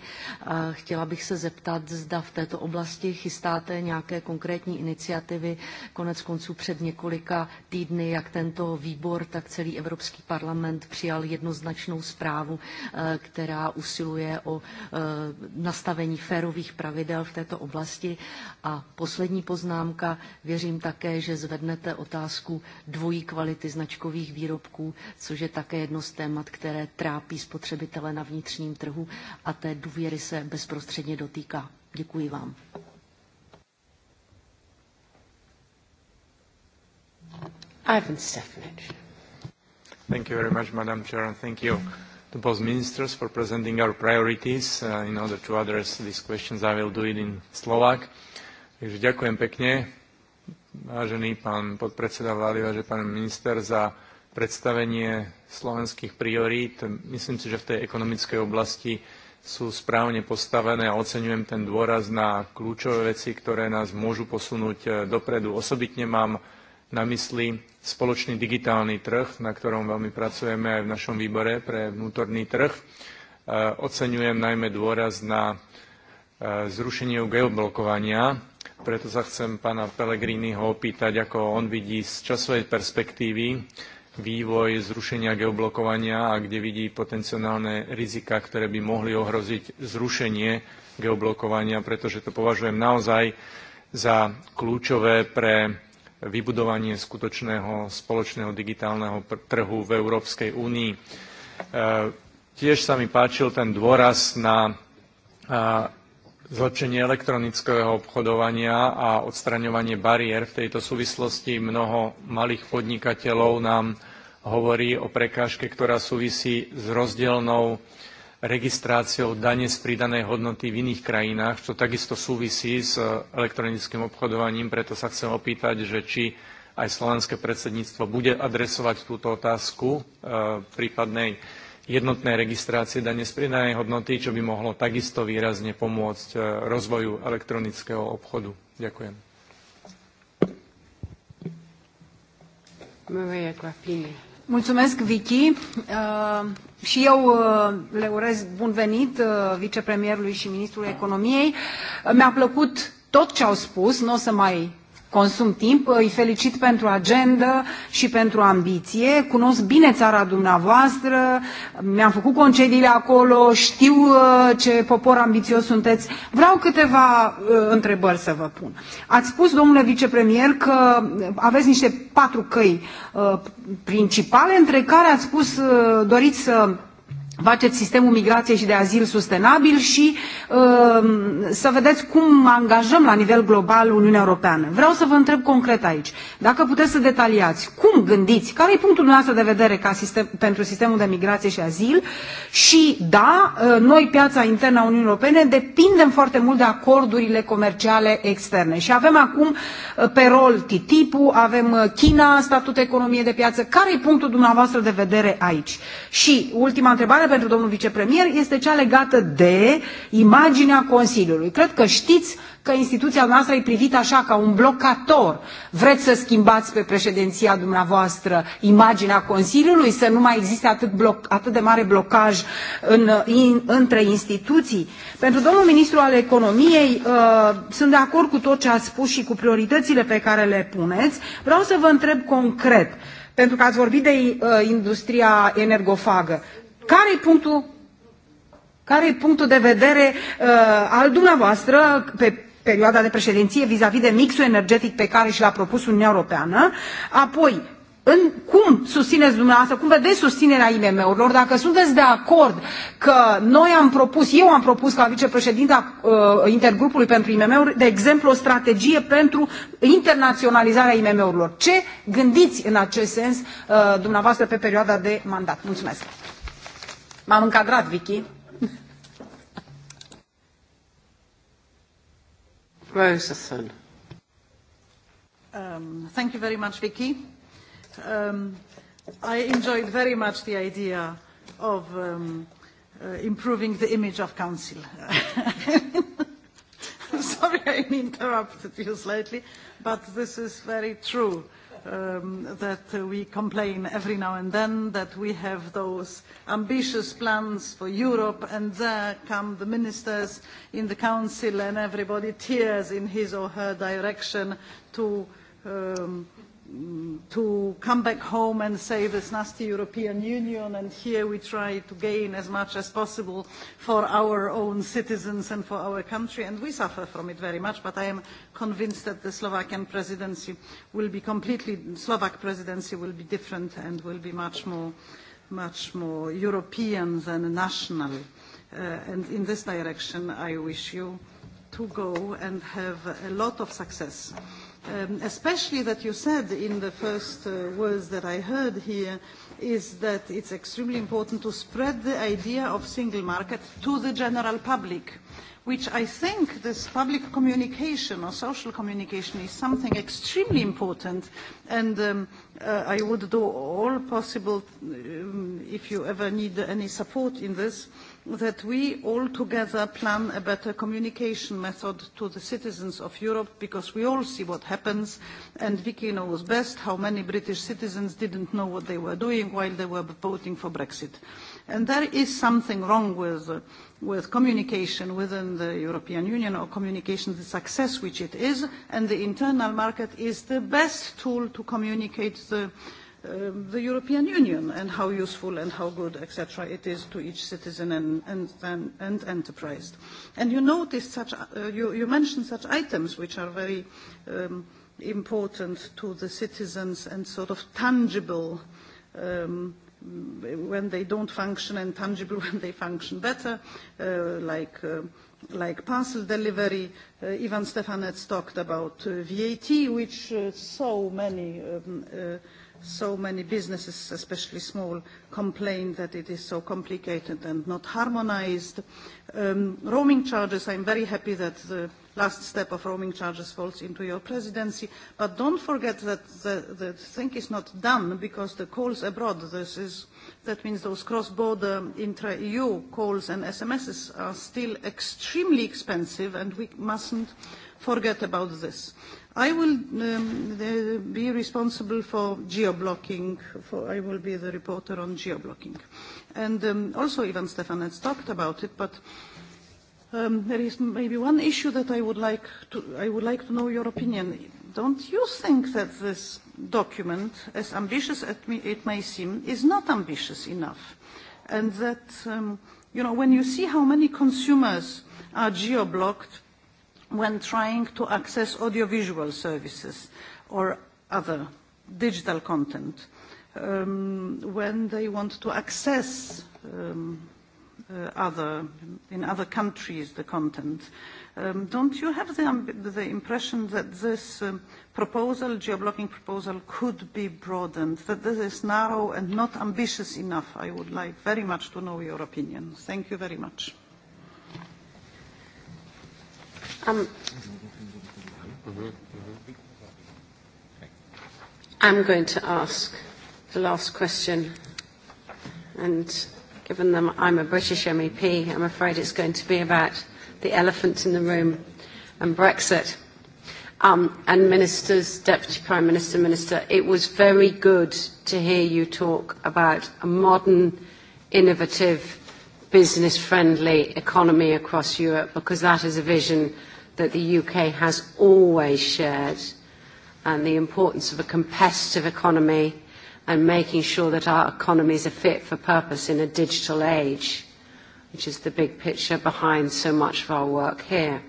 Chtěla bych se zeptat, zda v této oblasti chystáte nějaké konkrétní iniciativy. Konec konců před několika týdny, jak tento výbor, tak celý Evropský parlament přijal jednoznačnou zprávu, která usiluje o eh, nastavení férových pravidel v této oblasti. A poslední poznámka, věřím také, že zvednete otázku dvojí kvality značkových výrobků, což je také jedno z témat, které trápí spotřebitele na vnitřním trhu a té důvěry se bezprostředně dotýká. Děkuji vám. Ivan Thank you very much, Madam Chair, and thank you to both ministers for presenting our priorities. Uh, in order to address these questions, I will do it in Slovak. Takže ďakujem pekne, vážený pán podpredseda vlády, vážený pán minister, za predstavenie slovenských priorít. Myslím si, že v tej ekonomickej oblasti sú správne postavené a oceňujem ten dôraz na kľúčové veci, ktoré nás môžu posunúť eh, dopredu. Osobitne mám na mysli spoločný digitálny trh, na ktorom veľmi pracujeme aj v našom výbore pre vnútorný trh. E, oceňujem najmä dôraz na e, zrušenie geoblokovania, preto sa chcem pána ho opýtať, ako on vidí z časovej perspektívy vývoj zrušenia geoblokovania a kde vidí potenciálne rizika, ktoré by mohli ohroziť zrušenie geoblokovania, pretože to považujem naozaj za kľúčové pre vybudovanie skutočného spoločného digitálneho trhu v Európskej únii. E, tiež sa mi páčil ten dôraz na e, zlepšenie elektronického obchodovania a odstraňovanie bariér. V tejto súvislosti mnoho malých podnikateľov nám hovorí o prekážke, ktorá súvisí s rozdielnou registráciou dane z pridanej hodnoty v iných krajinách, čo takisto súvisí s e, elektronickým obchodovaním, preto sa chcem opýtať, že či aj slovenské predsedníctvo bude adresovať túto otázku e, prípadnej jednotnej registrácie dane z pridanej hodnoty, čo by mohlo takisto výrazne pomôcť e, rozvoju elektronického obchodu. Ďakujem. Maria Grappini. Mulțumesc, Vicky. Uh, și eu uh, le urez bun venit uh, vicepremierului și ministrului economiei. Uh, mi-a plăcut tot ce au spus, nu o să mai consum timp, îi felicit pentru agenda și pentru ambiție, cunosc bine țara dumneavoastră, mi-am făcut concediile acolo, știu uh, ce popor ambițios sunteți. Vreau câteva uh, întrebări să vă pun. Ați spus, domnule vicepremier, că aveți niște patru căi uh, principale, între care ați spus doriți să faceți sistemul migrației și de azil sustenabil și um, să vedeți cum angajăm la nivel global Uniunea Europeană. Vreau să vă întreb concret aici, dacă puteți să detaliați, cum gândiți, care e punctul dumneavoastră de vedere ca sistem, pentru sistemul de migrație și azil și da, uh, noi piața internă a Uniunii Europene depindem foarte mult de acordurile comerciale externe și avem acum uh, pe rol ttip avem uh, China, statut economie de piață, care e punctul dumneavoastră de vedere aici? Și ultima întrebare, întrebare pentru domnul vicepremier este cea legată de imaginea Consiliului. Cred că știți că instituția noastră e privită așa, ca un blocator. Vreți să schimbați pe președinția dumneavoastră imaginea Consiliului, să nu mai existe atât, bloc, atât de mare blocaj în, in, între instituții? Pentru domnul ministru al economiei, uh, sunt de acord cu tot ce ați spus și cu prioritățile pe care le puneți. Vreau să vă întreb concret pentru că ați vorbit de uh, industria energofagă care e punctul, care punctul de vedere uh, al dumneavoastră pe perioada de președinție vis-a-vis -vis de mixul energetic pe care și l-a propus Uniunea Europeană? Apoi, în cum susțineți dumneavoastră, cum vedeți susținerea IMM-urilor, dacă sunteți de acord că noi am propus, eu am propus ca vicepreședinta uh, intergrupului pentru IMM-uri, de exemplu, o strategie pentru internaționalizarea IMM-urilor. Ce gândiți în acest sens uh, dumneavoastră pe perioada de mandat? Mulțumesc! M-am încadrat, Vicky. Um, thank you very much, Vicky. Um, I enjoyed very much the idea of um, uh, improving the image of council. I'm sorry I interrupted you slightly, but this is very true um, that we complain every now and then that we have those ambitious plans for Europe and there come the ministers in the council and everybody tears in his or her direction to um, to come back home and say this nasty European Union and here we try to gain as much as possible for our own citizens and for our country and we suffer from it very much but I am convinced that the Slovakian presidency will be completely, Slovak presidency will be different and will be much more, much more European than national uh, and in this direction I wish you to go and have a lot of success um, especially that you said in the first uh, words that I heard here, is that it's extremely important to spread the idea of single market to the general public, which I think this public communication or social communication is something extremely important, and um, uh, I would do all possible um, if you ever need any support in this that we all together plan a better communication method to the citizens of Europe because we all see what happens and Vicky knows best how many British citizens didn't know what they were doing while they were voting for Brexit. And there is something wrong with, uh, with communication within the European Union or communication, the success which it is, and the internal market is the best tool to communicate the um, the European Union and how useful and how good, etc., it is to each citizen and, and, and, and enterprise. And you noticed such, uh, you, you mentioned such items which are very um, important to the citizens and sort of tangible um, when they don't function and tangible when they function better, uh, like uh, like parcel delivery. Uh, Ivan Stefanets talked about uh, VAT, which uh, so many um, uh, so many businesses, especially small, complain that it is so complicated and not harmonized. Um, roaming charges, I'm very happy that the last step of roaming charges falls into your presidency, but don't forget that the, the thing is not done because the calls abroad, this is, that means those cross-border intra-EU calls and SMSs are still extremely expensive and we mustn't forget about this. I will um, uh, be responsible for geo-blocking. For, I will be the reporter on geoblocking. And um, also Ivan Stefan has talked about it, but um, there is maybe one issue that I would, like to, I would like to know your opinion. Don't you think that this document, as ambitious as it may seem, is not ambitious enough? And that, um, you know, when you see how many consumers are geo-blocked, when trying to access audiovisual services or other digital content, um, when they want to access um, uh, other, in other countries the content. Um, don't you have the, the impression that this um, proposal, geoblocking proposal, could be broadened, that this is narrow and not ambitious enough? I would like very much to know your opinion. Thank you very much. I'm, um, mm-hmm. I'm going to ask the last question. And given that I'm a British MEP, I'm afraid it's going to be about the elephant in the room and Brexit. Um, and ministers, Deputy Prime Minister, Minister, it was very good to hear you talk about a modern, innovative, business-friendly economy across Europe because that is a vision that the UK has always shared and the importance of a competitive economy and making sure that our economies are fit for purpose in a digital age, which is the big picture behind so much of our work here.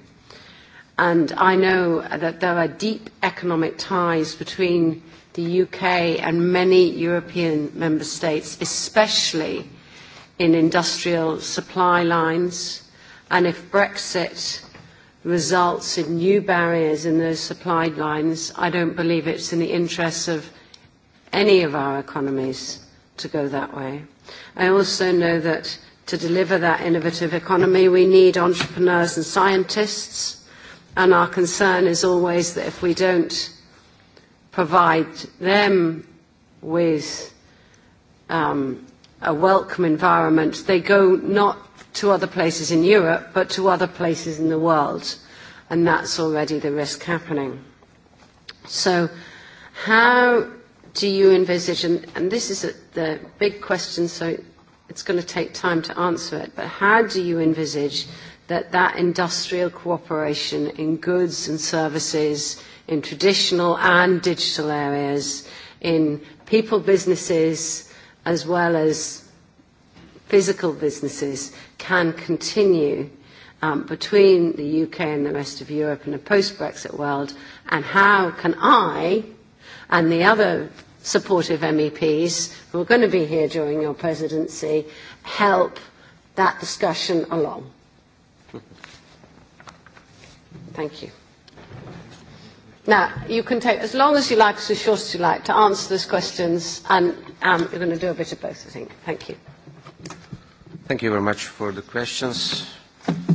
And I know that there are deep economic ties between the UK and many European member states, especially in industrial supply lines. And if Brexit results in new barriers in those supply lines, I don't believe it's in the interests of any of our economies to go that way. I also know that to deliver that innovative economy, we need entrepreneurs and scientists, and our concern is always that if we don't provide them with um, a welcome environment, they go not to other places in Europe, but to other places in the world. And that's already the risk happening. So how do you envisage, and, and this is a, the big question, so it's going to take time to answer it, but how do you envisage that that industrial cooperation in goods and services, in traditional and digital areas, in people businesses, as well as physical businesses, can continue um, between the UK and the rest of Europe in a post-Brexit world, and how can I and the other supportive MEPs who are going to be here during your presidency help that discussion along. Thank you. Now, you can take as long as you like, as short as you like, to answer those questions, and um, you're going to do a bit of both, I think. Thank you. Thank you very much for the questions.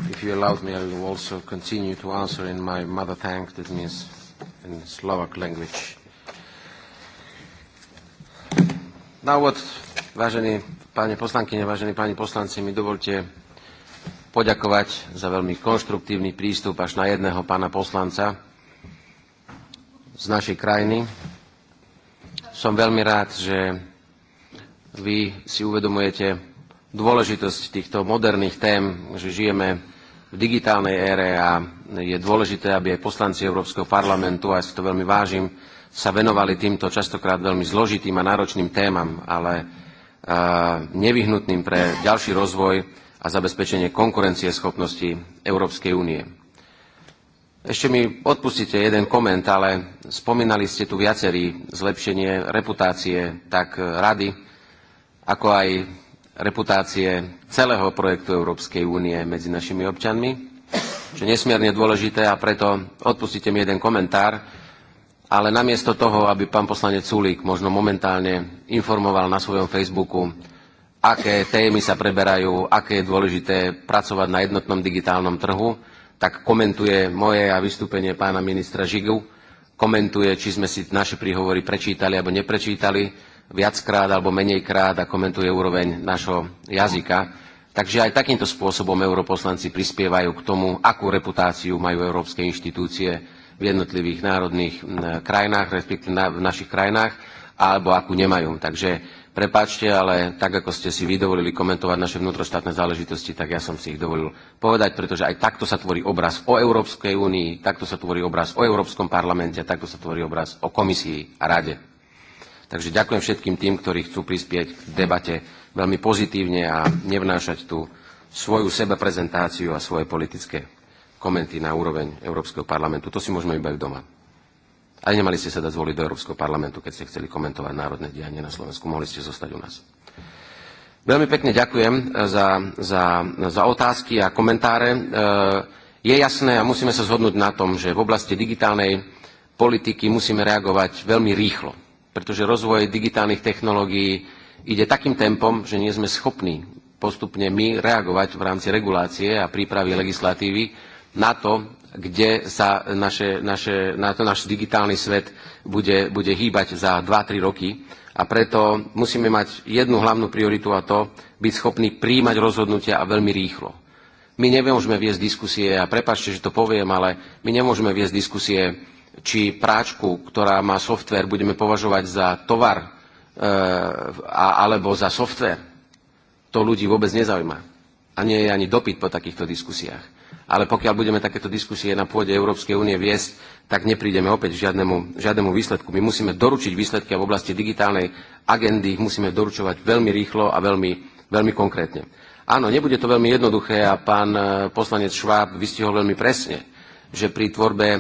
If you allow me, I will also continue to answer in my mother tongue, that means in Slovak language. Na úvod, vážení páni poslanky, vážení páni poslanci, mi dovolte poďakovať za veľmi konštruktívny prístup až na jedného pána poslanca z našej krajiny. Som veľmi rád, že vy si uvedomujete dôležitosť týchto moderných tém, že žijeme v digitálnej ére a je dôležité, aby aj poslanci Európskeho parlamentu, a ja si to veľmi vážim, sa venovali týmto častokrát veľmi zložitým a náročným témam, ale e, nevyhnutným pre ďalší rozvoj a zabezpečenie konkurencie schopnosti Európskej únie. Ešte mi odpustite jeden koment, ale spomínali ste tu viacerí zlepšenie reputácie tak rady, ako aj reputácie celého projektu Európskej únie medzi našimi občanmi, čo nesmierne dôležité a preto odpustite mi jeden komentár, ale namiesto toho, aby pán poslanec Sulík možno momentálne informoval na svojom Facebooku, aké témy sa preberajú, aké je dôležité pracovať na jednotnom digitálnom trhu, tak komentuje moje a vystúpenie pána ministra Žigu, komentuje, či sme si naše príhovory prečítali alebo neprečítali, viackrát alebo menejkrát a komentuje úroveň našho jazyka. Takže aj takýmto spôsobom europoslanci prispievajú k tomu, akú reputáciu majú európske inštitúcie v jednotlivých národných krajinách, respektíve v našich krajinách, alebo akú nemajú. Takže prepáčte, ale tak, ako ste si vydovolili komentovať naše vnútroštátne záležitosti, tak ja som si ich dovolil povedať, pretože aj takto sa tvorí obraz o Európskej únii, takto sa tvorí obraz o Európskom parlamente, takto sa tvorí obraz o komisii a rade. Takže ďakujem všetkým tým, ktorí chcú prispieť k debate veľmi pozitívne a nevnášať tú svoju sebeprezentáciu a svoje politické komenty na úroveň Európskeho parlamentu. To si môžeme iba doma. A nemali ste sa dať zvoliť do Európskeho parlamentu, keď ste chceli komentovať národné dianie na Slovensku. Mohli ste zostať u nás. Veľmi pekne ďakujem za, za, za otázky a komentáre. E, je jasné a musíme sa zhodnúť na tom, že v oblasti digitálnej politiky musíme reagovať veľmi rýchlo pretože rozvoj digitálnych technológií ide takým tempom, že nie sme schopní postupne my reagovať v rámci regulácie a prípravy legislatívy na to, kde sa naše, naše, na to náš digitálny svet bude, bude hýbať za 2-3 roky. A preto musíme mať jednu hlavnú prioritu a to byť schopní príjmať rozhodnutia a veľmi rýchlo. My nemôžeme viesť diskusie, a prepačte, že to poviem, ale my nemôžeme viesť diskusie či práčku, ktorá má software, budeme považovať za tovar e, a, alebo za software, to ľudí vôbec nezaujíma. A nie je ani dopyt po takýchto diskusiách. Ale pokiaľ budeme takéto diskusie na pôde Európskej únie viesť, tak neprídeme opäť žiadnemu, žiadnemu výsledku. My musíme doručiť výsledky a v oblasti digitálnej agendy ich musíme doručovať veľmi rýchlo a veľmi, veľmi konkrétne. Áno, nebude to veľmi jednoduché a pán e, poslanec Šváb vystihol veľmi presne že pri tvorbe e,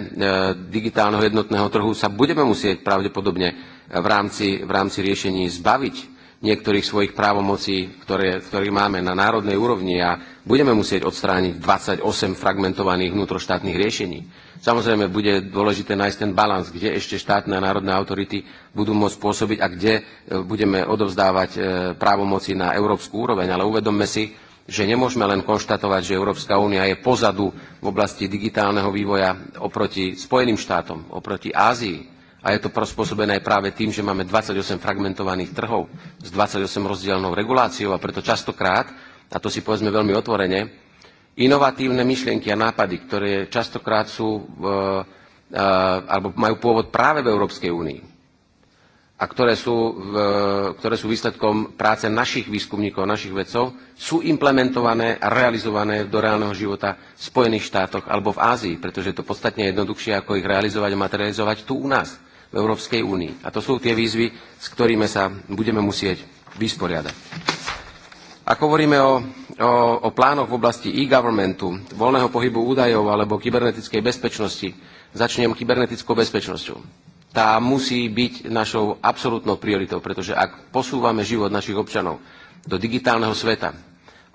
digitálneho jednotného trhu sa budeme musieť pravdepodobne v rámci, v rámci riešení zbaviť niektorých svojich právomocí, ktoré, ktoré máme na národnej úrovni a budeme musieť odstrániť 28 fragmentovaných vnútroštátnych riešení. Samozrejme, bude dôležité nájsť ten balans, kde ešte štátne a národné autority budú môcť pôsobiť a kde e, budeme odovzdávať e, právomoci na európsku úroveň. Ale uvedomme si, že nemôžeme len konštatovať, že Európska únia je pozadu v oblasti digitálneho vývoja oproti Spojeným štátom, oproti Ázii. A je to prospôsobené práve tým, že máme 28 fragmentovaných trhov s 28 rozdielnou reguláciou a preto častokrát, a to si povedzme veľmi otvorene, inovatívne myšlienky a nápady, ktoré častokrát sú, eh, alebo majú pôvod práve v Európskej únii, a ktoré sú, ktoré sú výsledkom práce našich výskumníkov, našich vedcov, sú implementované a realizované do reálneho života v Spojených štátoch alebo v Ázii, pretože je to podstatne jednoduchšie, ako ich realizovať a materializovať tu u nás, v Európskej únii. A to sú tie výzvy, s ktorými sa budeme musieť vysporiadať. Ak hovoríme o, o, o plánoch v oblasti e-governmentu, voľného pohybu údajov alebo kybernetickej bezpečnosti, začnem kybernetickou bezpečnosťou tá musí byť našou absolútnou prioritou, pretože ak posúvame život našich občanov do digitálneho sveta,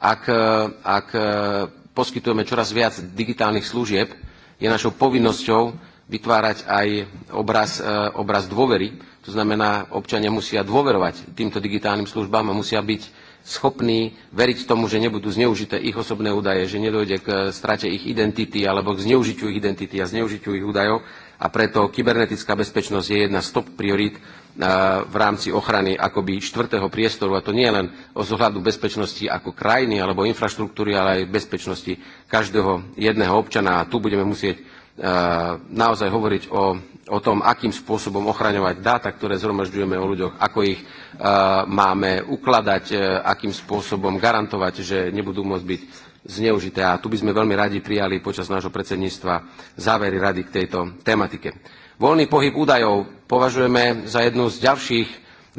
ak, e, ak e, poskytujeme čoraz viac digitálnych služieb, je našou povinnosťou vytvárať aj obraz, e, obraz dôvery. To znamená, občania musia dôverovať týmto digitálnym službám a musia byť schopní veriť tomu, že nebudú zneužité ich osobné údaje, že nedojde k strate ich identity alebo k zneužitiu ich identity a zneužitiu ich údajov a preto kybernetická bezpečnosť je jedna z top priorít v rámci ochrany akoby štvrtého priestoru, a to nie len o zohľadu bezpečnosti ako krajiny alebo infraštruktúry, ale aj bezpečnosti každého jedného občana. A tu budeme musieť naozaj hovoriť o, o tom, akým spôsobom ochraňovať dáta, ktoré zhromažďujeme o ľuďoch, ako ich máme ukladať, akým spôsobom garantovať, že nebudú môcť byť zneužité. A tu by sme veľmi radi prijali počas nášho predsedníctva závery rady k tejto tematike. Voľný pohyb údajov považujeme za jednu z ďalších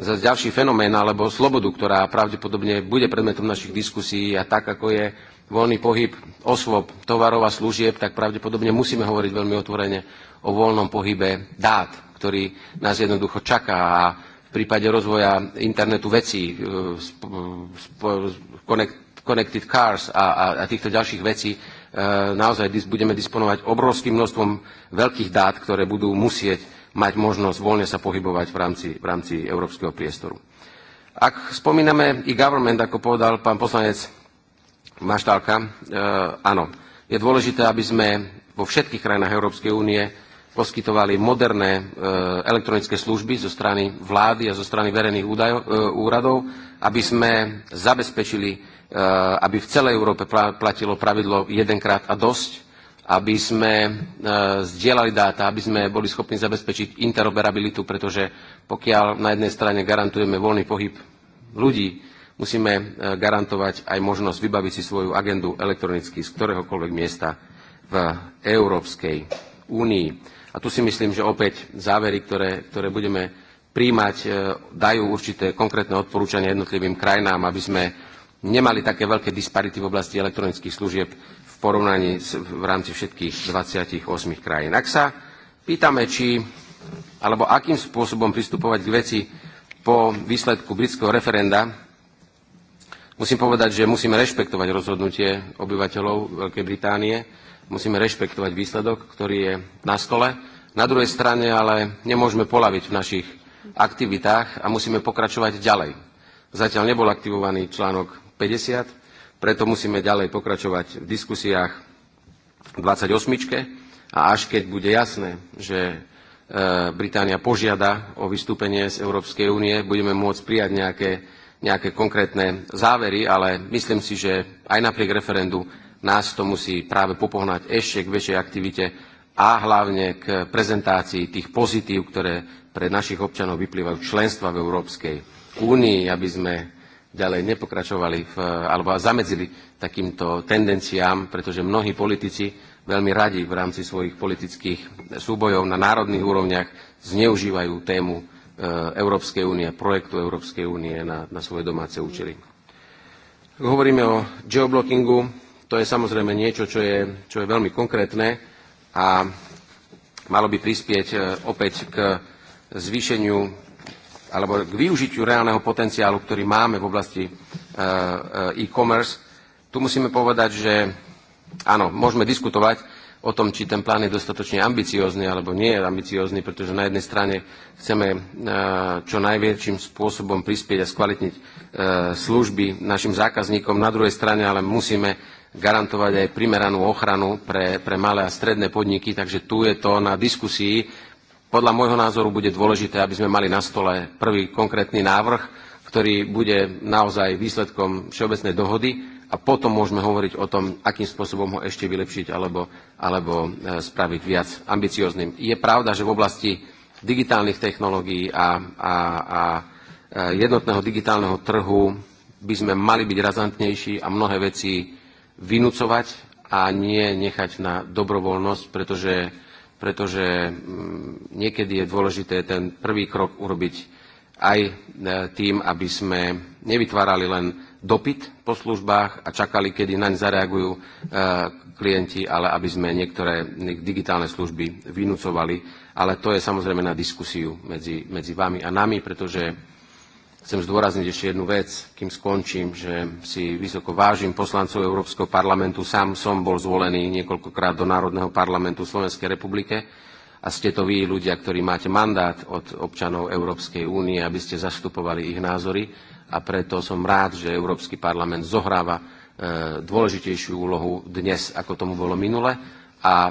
za ďalší fenomén alebo slobodu, ktorá pravdepodobne bude predmetom našich diskusí a tak, ako je voľný pohyb osôb, tovarov a služieb, tak pravdepodobne musíme hovoriť veľmi otvorene o voľnom pohybe dát, ktorý nás jednoducho čaká a v prípade rozvoja internetu vecí, e, connected cars a, a, a týchto ďalších vecí, e, naozaj budeme disponovať obrovským množstvom veľkých dát, ktoré budú musieť mať možnosť voľne sa pohybovať v rámci, v rámci európskeho priestoru. Ak spomíname i government, ako povedal pán poslanec Maštálka, e, áno, je dôležité, aby sme vo všetkých krajinách Európskej únie poskytovali moderné e, elektronické služby zo strany vlády a zo strany verejných údajov, e, úradov, aby sme zabezpečili Eh, aby v celej Európe platilo pravidlo jedenkrát a dosť, aby sme eh, zdieľali dáta, aby sme boli schopní zabezpečiť interoperabilitu, pretože pokiaľ na jednej strane garantujeme voľný pohyb ľudí, musíme eh, garantovať aj možnosť vybaviť si svoju agendu elektronicky z ktoréhokoľvek miesta v Európskej únii. A tu si myslím, že opäť závery, ktoré, ktoré budeme príjmať, dajú určité konkrétne odporúčania jednotlivým krajinám, aby sme nemali také veľké disparity v oblasti elektronických služieb v porovnaní s, v rámci všetkých 28 krajín. Ak sa pýtame, či alebo akým spôsobom pristupovať k veci po výsledku britského referenda, musím povedať, že musíme rešpektovať rozhodnutie obyvateľov Veľkej Británie, musíme rešpektovať výsledok, ktorý je na stole. Na druhej strane ale nemôžeme polaviť v našich aktivitách a musíme pokračovať ďalej. Zatiaľ nebol aktivovaný článok 50, preto musíme ďalej pokračovať v diskusiách 28. A až keď bude jasné, že Británia požiada o vystúpenie z Európskej únie, budeme môcť prijať nejaké, nejaké konkrétne závery, ale myslím si, že aj napriek referendu nás to musí práve popohnať ešte k väčšej aktivite a hlavne k prezentácii tých pozitív, ktoré pre našich občanov vyplývajú členstva v Európskej únii, aby sme ďalej nepokračovali v, alebo zamedzili takýmto tendenciám, pretože mnohí politici veľmi radi v rámci svojich politických súbojov na národných úrovniach zneužívajú tému e, Európskej únie, projektu Európskej únie na, na svoje domáce účely. hovoríme o geoblockingu, to je samozrejme niečo, čo je, čo je veľmi konkrétne a malo by prispieť e, opäť k zvýšeniu alebo k využitiu reálneho potenciálu, ktorý máme v oblasti e, e, e-commerce, tu musíme povedať, že áno, môžeme diskutovať o tom, či ten plán je dostatočne ambiciózny alebo nie je ambiciózny, pretože na jednej strane chceme e, čo najväčším spôsobom prispieť a skvalitniť služby našim zákazníkom, na druhej strane ale musíme garantovať aj primeranú ochranu pre, pre malé a stredné podniky, takže tu je to na diskusii, Podľa môjho názoru bude dôležité, aby sme mali na stole prvý konkrétny návrh, ktorý bude naozaj výsledkom všeobecnej dohody a potom môžeme hovoriť o tom, akým spôsobom ho ešte vylepšiť alebo, alebo e, spraviť viac ambiciozným. Je pravda, že v oblasti digitálnych technológií a, a, a e, jednotného digitálneho trhu by sme mali byť razantnejší a mnohé veci vynúcovať a nie nechať na dobrovoľnosť, pretože pretože mm, niekedy je dôležité ten prvý krok urobiť aj e, tým, aby sme nevytvárali len dopyt po službách a čakali, kedy naň zareagujú e, klienti, ale aby sme niektoré digitálne služby vynúcovali. Ale to je samozrejme na diskusiu medzi, medzi vami a nami, pretože Chcem zdôrazniť ešte jednu vec, kým skončím, že si vysoko vážim poslancov Európskeho parlamentu. Sám som bol zvolený niekoľkokrát do Národného parlamentu Slovenskej republike a ste to vy ľudia, ktorí máte mandát od občanov Európskej únie, aby ste zastupovali ich názory a preto som rád, že Európsky parlament zohráva e, dôležitejšiu úlohu dnes, ako tomu bolo minule a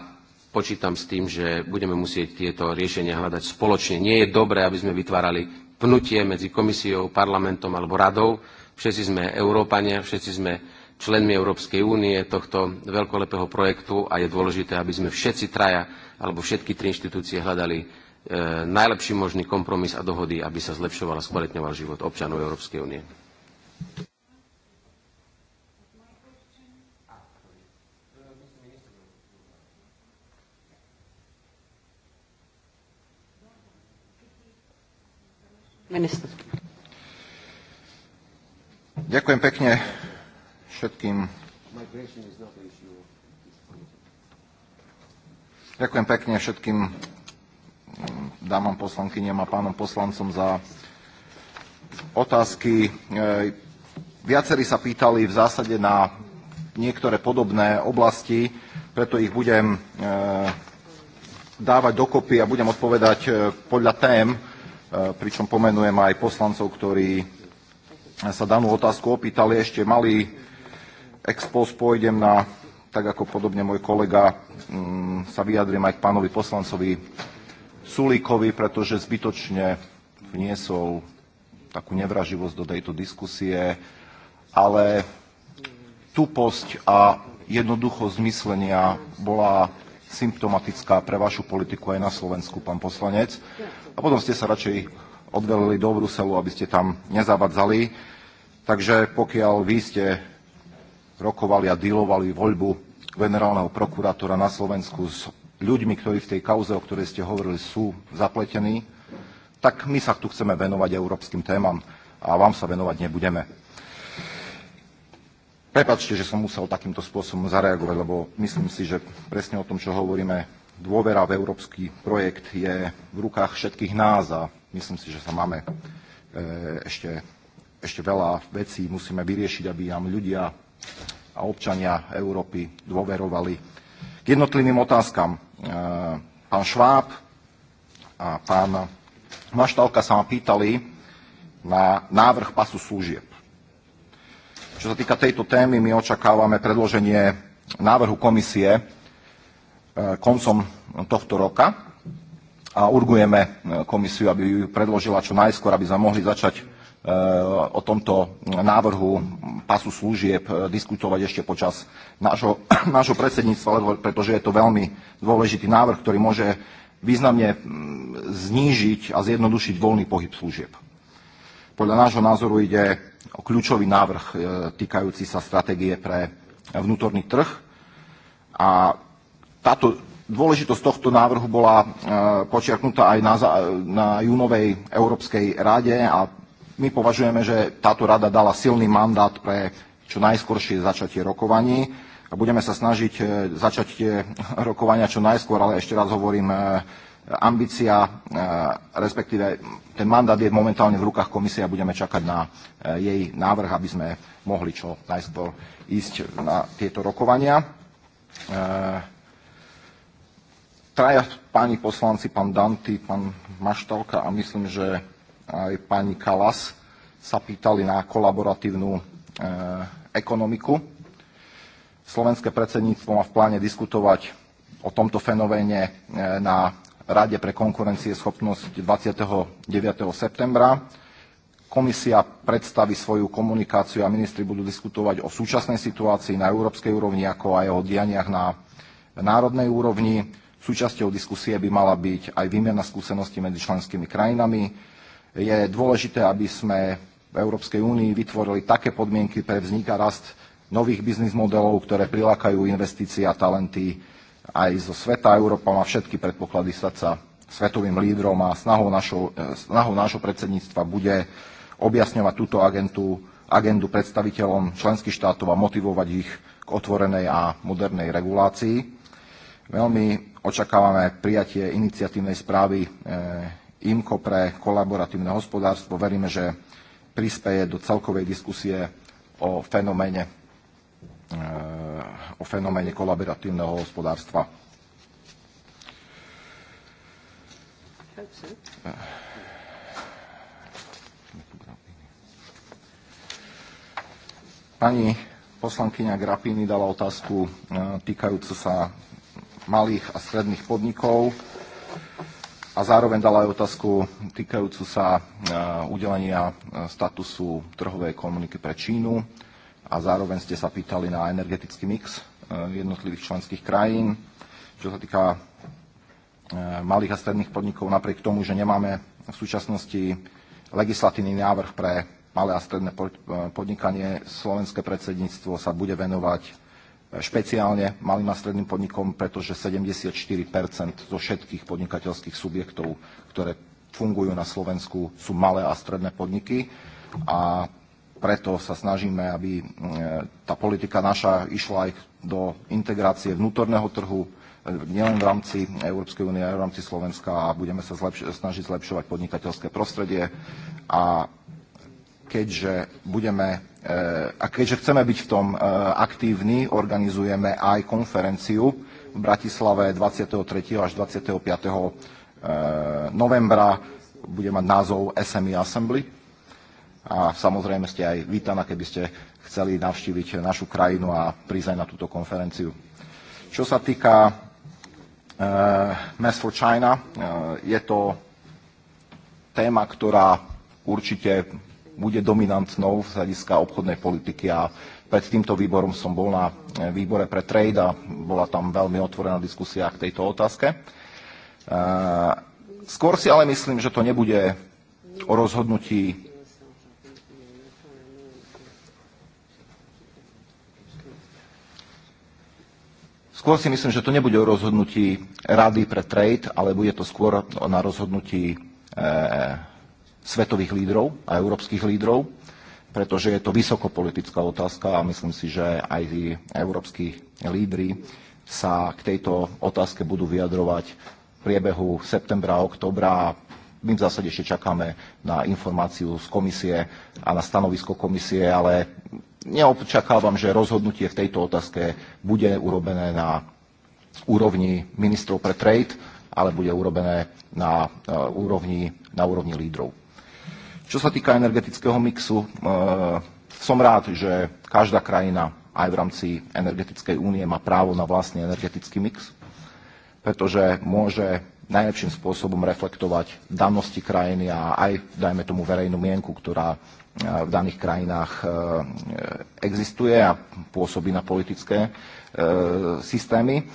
počítam s tým, že budeme musieť tieto riešenia hľadať spoločne. Nie je dobré, aby sme vytvárali pnutie medzi komisiou, parlamentom alebo radou. Všetci sme Európania, všetci sme členmi Európskej únie tohto veľkolepého projektu a je dôležité, aby sme všetci traja alebo všetky tri inštitúcie hľadali e, najlepší možný kompromis a dohody, aby sa zlepšoval a skvalitňoval život občanov Európskej únie. Minister. Ďakujem pekne všetkým. Ďakujem pekne všetkým mm, dámam poslankyniam a pánom poslancom za otázky. E, viacerí sa pýtali v zásade na niektoré podobné oblasti, preto ich budem e, dávať dokopy a budem odpovedať e, podľa tém, E, pričom pomenujem aj poslancov, ktorí sa danú otázku opýtali, ešte malý expos pôjdem na, tak ako podobne môj kolega, mm, sa vyjadrím aj k pánovi poslancovi Sulíkovi, pretože zbytočne vniesol takú nevraživosť do tejto diskusie, ale tuposť a jednoducho zmyslenia bola symptomatická pre vašu politiku aj na Slovensku, pán poslanec. A potom ste sa radšej odvelili do Bruselu, aby ste tam nezavadzali. Takže pokiaľ vy ste rokovali a dealovali voľbu generálneho prokurátora na Slovensku s ľuďmi, ktorí v tej kauze, o ktorej ste hovorili, sú zapletení, tak my sa tu chceme venovať európskym témam a vám sa venovať nebudeme. Prepačte, že som musel takýmto spôsobom zareagovať, lebo myslím si, že presne o tom, čo hovoríme, dôvera v európsky projekt je v rukách všetkých nás a myslím si, že sa máme e, ešte, ešte veľa vecí musíme vyriešiť, aby nám ľudia a občania Európy dôverovali. K jednotlivým otázkam e, pán Šváb a pán Maštalka sa ma pýtali na návrh pasu služieb. Čo sa týka tejto témy, my očakávame predloženie návrhu komisie e, koncom tohto roka a urgujeme e, komisiu, aby ju predložila čo najskôr, aby sme mohli začať e, o tomto návrhu pasu služieb diskutovať ešte počas nášho, nášho predsedníctva, pretože je to veľmi dôležitý návrh, ktorý môže významne mm, znížiť a zjednodušiť voľný pohyb služieb podľa nášho názoru ide o kľúčový návrh e, týkajúci sa stratégie pre vnútorný trh. A táto dôležitosť tohto návrhu bola e, počiarknutá aj na, júnovej Európskej rade a my považujeme, že táto rada dala silný mandát pre čo najskôršie začatie rokovaní a budeme sa snažiť e, začať tie rokovania čo najskôr, ale ešte raz hovorím, ambícia, eh, respektive ten mandát je momentálne v rukách komisie a budeme čakať eh, na jej návrh, aby sme mohli čo najskôr ísť na tieto rokovania. Eh, Traja páni poslanci, pán Danty, pán Maštalka a myslím, že aj pani Kalas sa pýtali na kolaboratívnu ekonomiku. Slovenské predsedníctvo má v pláne diskutovať o tomto fenoméne na Rade pre konkurencieschopnosť 29. septembra. Komisia predstaví svoju komunikáciu a ministri budú diskutovať o súčasnej situácii na európskej úrovni, ako aj o dianiach na národnej úrovni. Súčasťou diskusie by mala byť aj výmena skúseností medzi členskými krajinami. Je dôležité, aby sme v Európskej únii vytvorili také podmienky pre vznik a rast nových biznis modelov, ktoré prilákajú investície a talenty aj zo sveta Európa má všetky predpoklady stať sa svetovým lídrom a snahou, našo, e, snahou nášho predsedníctva bude objasňovať túto agentu, agendu predstaviteľom členských štátov a motivovať ich k otvorenej a modernej regulácii. Veľmi očakávame prijatie iniciatívnej správy e, IMCO pre kolaboratívne hospodárstvo. Veríme, že prispeje do celkovej diskusie o fenoméne Eh, o fenomenie kolaboratywnego gospodarstva. Pani poslankyňa Grapini dala otázku eh, týkajúcu sa malých a stredných podnikov a zároveň dala aj otázku týkajúcu sa eh, udelenia statusu trhovej komuniky pre Čínu a zároveň ste sa pýtali na energetický mix e, jednotlivých členských krajín. Čo sa týka e, malých a stredných podnikov, napriek tomu, že nemáme v súčasnosti legislatívny návrh pre malé a stredné e, podnikanie, slovenské predsedníctvo sa bude venovať špeciálne malým a stredným podnikom, pretože 74 zo všetkých podnikateľských subjektov, ktoré fungujú na Slovensku, sú malé a stredné podniky a preto sa snažíme, aby e, tá politika naša išla aj do integrácie vnútorného trhu, e, nielen v rámci Európskej únie, aj v rámci Slovenska a budeme sa zlepš- snažiť zlepšovať podnikateľské prostredie. A keďže budeme e, a keďže chceme byť v tom aktívni, organizujeme aj konferenciu v Bratislave 23. až 25. novembra. Bude mať názov SME Assembly a samozrejme ste aj vítaná, keby ste chceli navštíviť našu krajinu a prísť aj na túto konferenciu. Čo sa týka uh, Mass for China, uh, je to téma, ktorá určite bude dominantnou z hľadiska obchodnej politiky a pred týmto výborom som bol na eh, výbore pre trade a bola tam veľmi otvorená diskusia k tejto otázke. Skôr si ale myslím, že to nebude o rozhodnutí Skôr si myslím, že to nebude o rozhodnutí Rady pre trade, ale bude to skôr na rozhodnutí e, svetových lídrov a európskych lídrov, pretože je to vysokopolitická otázka a myslím si, že aj tí európsky lídry sa k tejto otázke budú vyjadrovať v priebehu septembra a oktobra. My v zásade ešte čakáme na informáciu z komisie a na stanovisko komisie, ale neočakávam, že rozhodnutie v tejto otázke bude urobené na úrovni ministrov pre trade, ale bude urobené na e, úrovni, na úrovni lídrov. Čo sa týka energetického mixu, e, som rád, že každá krajina aj v rámci energetickej únie má právo na vlastný energetický mix, pretože môže najlepším spôsobom reflektovať danosti krajiny a aj, dajme tomu, verejnú mienku, ktorá v daných krajinách e, existuje a pôsobí na politické e, systémy.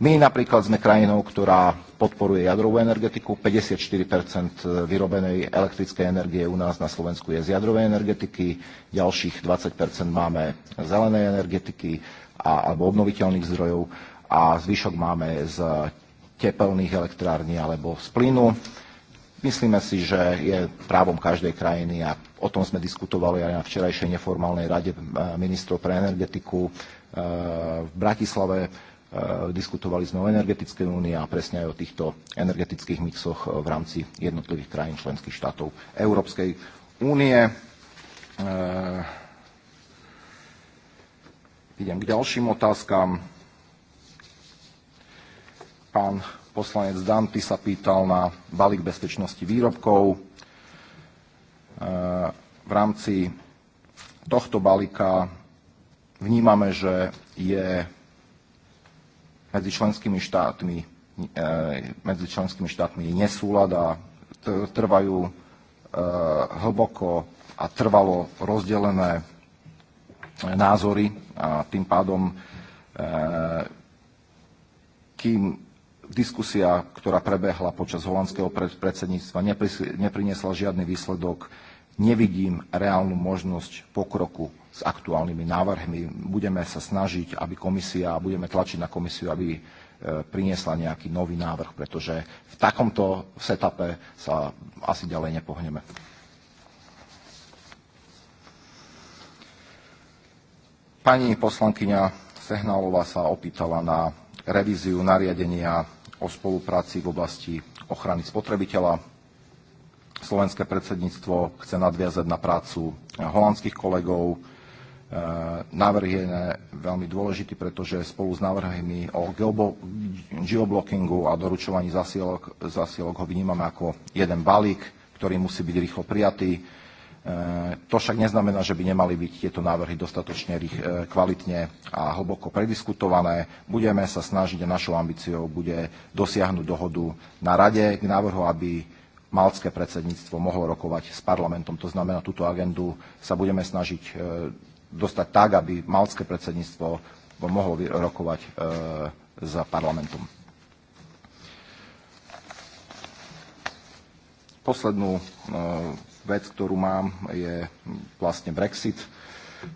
My napríklad sme krajinou, ktorá podporuje jadrovú energetiku. 54 vyrobenej elektrickej energie u nás na Slovensku je z jadrovej energetiky, ďalších 20 máme zelenej energetiky alebo obnoviteľných zdrojov a zvyšok máme z tepelných elektrární alebo z plynu. Uh, Myslíme si, že je právom každej krajiny a o tom sme diskutovali aj na včerajšej neformálnej rade eh, ministrov pre energetiku eh, v Bratislave. Eh, diskutovali sme o energetickej únii a presne aj o týchto energetických mixoch v rámci jednotlivých krajín členských štátov Európskej únie. Idem k ďalším otázkam. Pán Poslanec Danty sa pýtal na balík bezpečnosti výrobkov. E, v rámci tohto balíka vnímame, že je medzi členskými štátmi, e, medzi členskými štátmi je nesúlad a trvajú e, hlboko a trvalo rozdelené názory a tým pádom kým Diskusia, ktorá prebehla počas holandského predsedníctva, neprinesla nepriniesla žiadny výsledok. Nevidím reálnu možnosť pokroku s aktuálnymi návrhmi. Budeme sa snažiť, aby komisia, budeme tlačiť na komisiu, aby e, priniesla nejaký nový návrh, pretože v takomto setupe sa asi ďalej nepohneme. Pani poslankyňa Sehnalová sa opýtala na revíziu nariadenia o spolupráci v oblasti ochrany spotrebiteľa. Slovenské predsedníctvo chce nadviazať na prácu holandských kolegov. E, návrh je veľmi dôležitý, pretože spolu s návrhmi o geoblockingu a doručovaní zasielok, zasielok ho vnímame ako jeden balík, ktorý musí byť rýchlo prijatý E, to však neznamená, že by nemali byť tieto návrhy dostatočne e, kvalitne a hlboko prediskutované. Budeme sa snažiť a našou ambíciou bude dosiahnuť dohodu na rade k návrhu, aby maltské predsedníctvo mohlo rokovať s parlamentom. To znamená, túto agendu sa budeme snažiť e, dostať tak, aby maltské predsedníctvo mohlo rokovať s parlamentom. Poslednú vec, ktorú mám, je vlastne Brexit.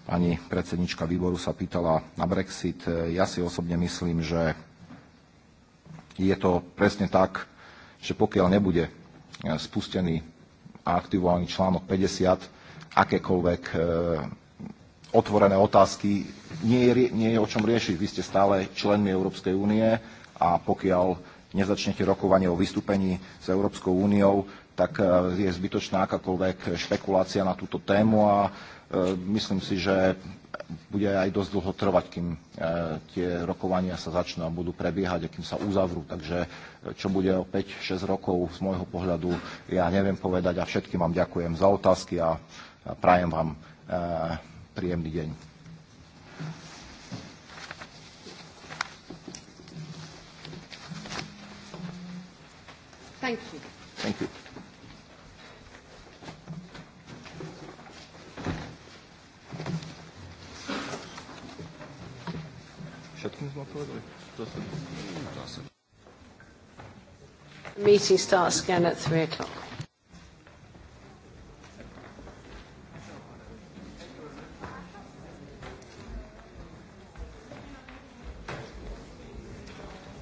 Pani predsednička výboru sa pýtala na Brexit. Ja si osobne myslím, že je to presne tak, že pokiaľ nebude spustený a aktivovaný článok 50, akékoľvek e, otvorené otázky nie je, nie je o čom riešiť. Vy ste stále členmi Európskej únie a pokiaľ nezačnete rokovanie o vystúpení s Európskou úniou, tak eh, je zbytočná akákoľvek špekulácia na túto tému a eh, myslím si, že bude aj dosť dlho trvať, kým eh, tie rokovania sa začnú a budú prebiehať a kým sa uzavrú. Takže čo bude o 5-6 rokov z môjho pohľadu, ja neviem povedať a všetkým vám ďakujem za otázky a prajem vám príjemný deň. Thank you. Thank you. Meeting starts again at three o'clock.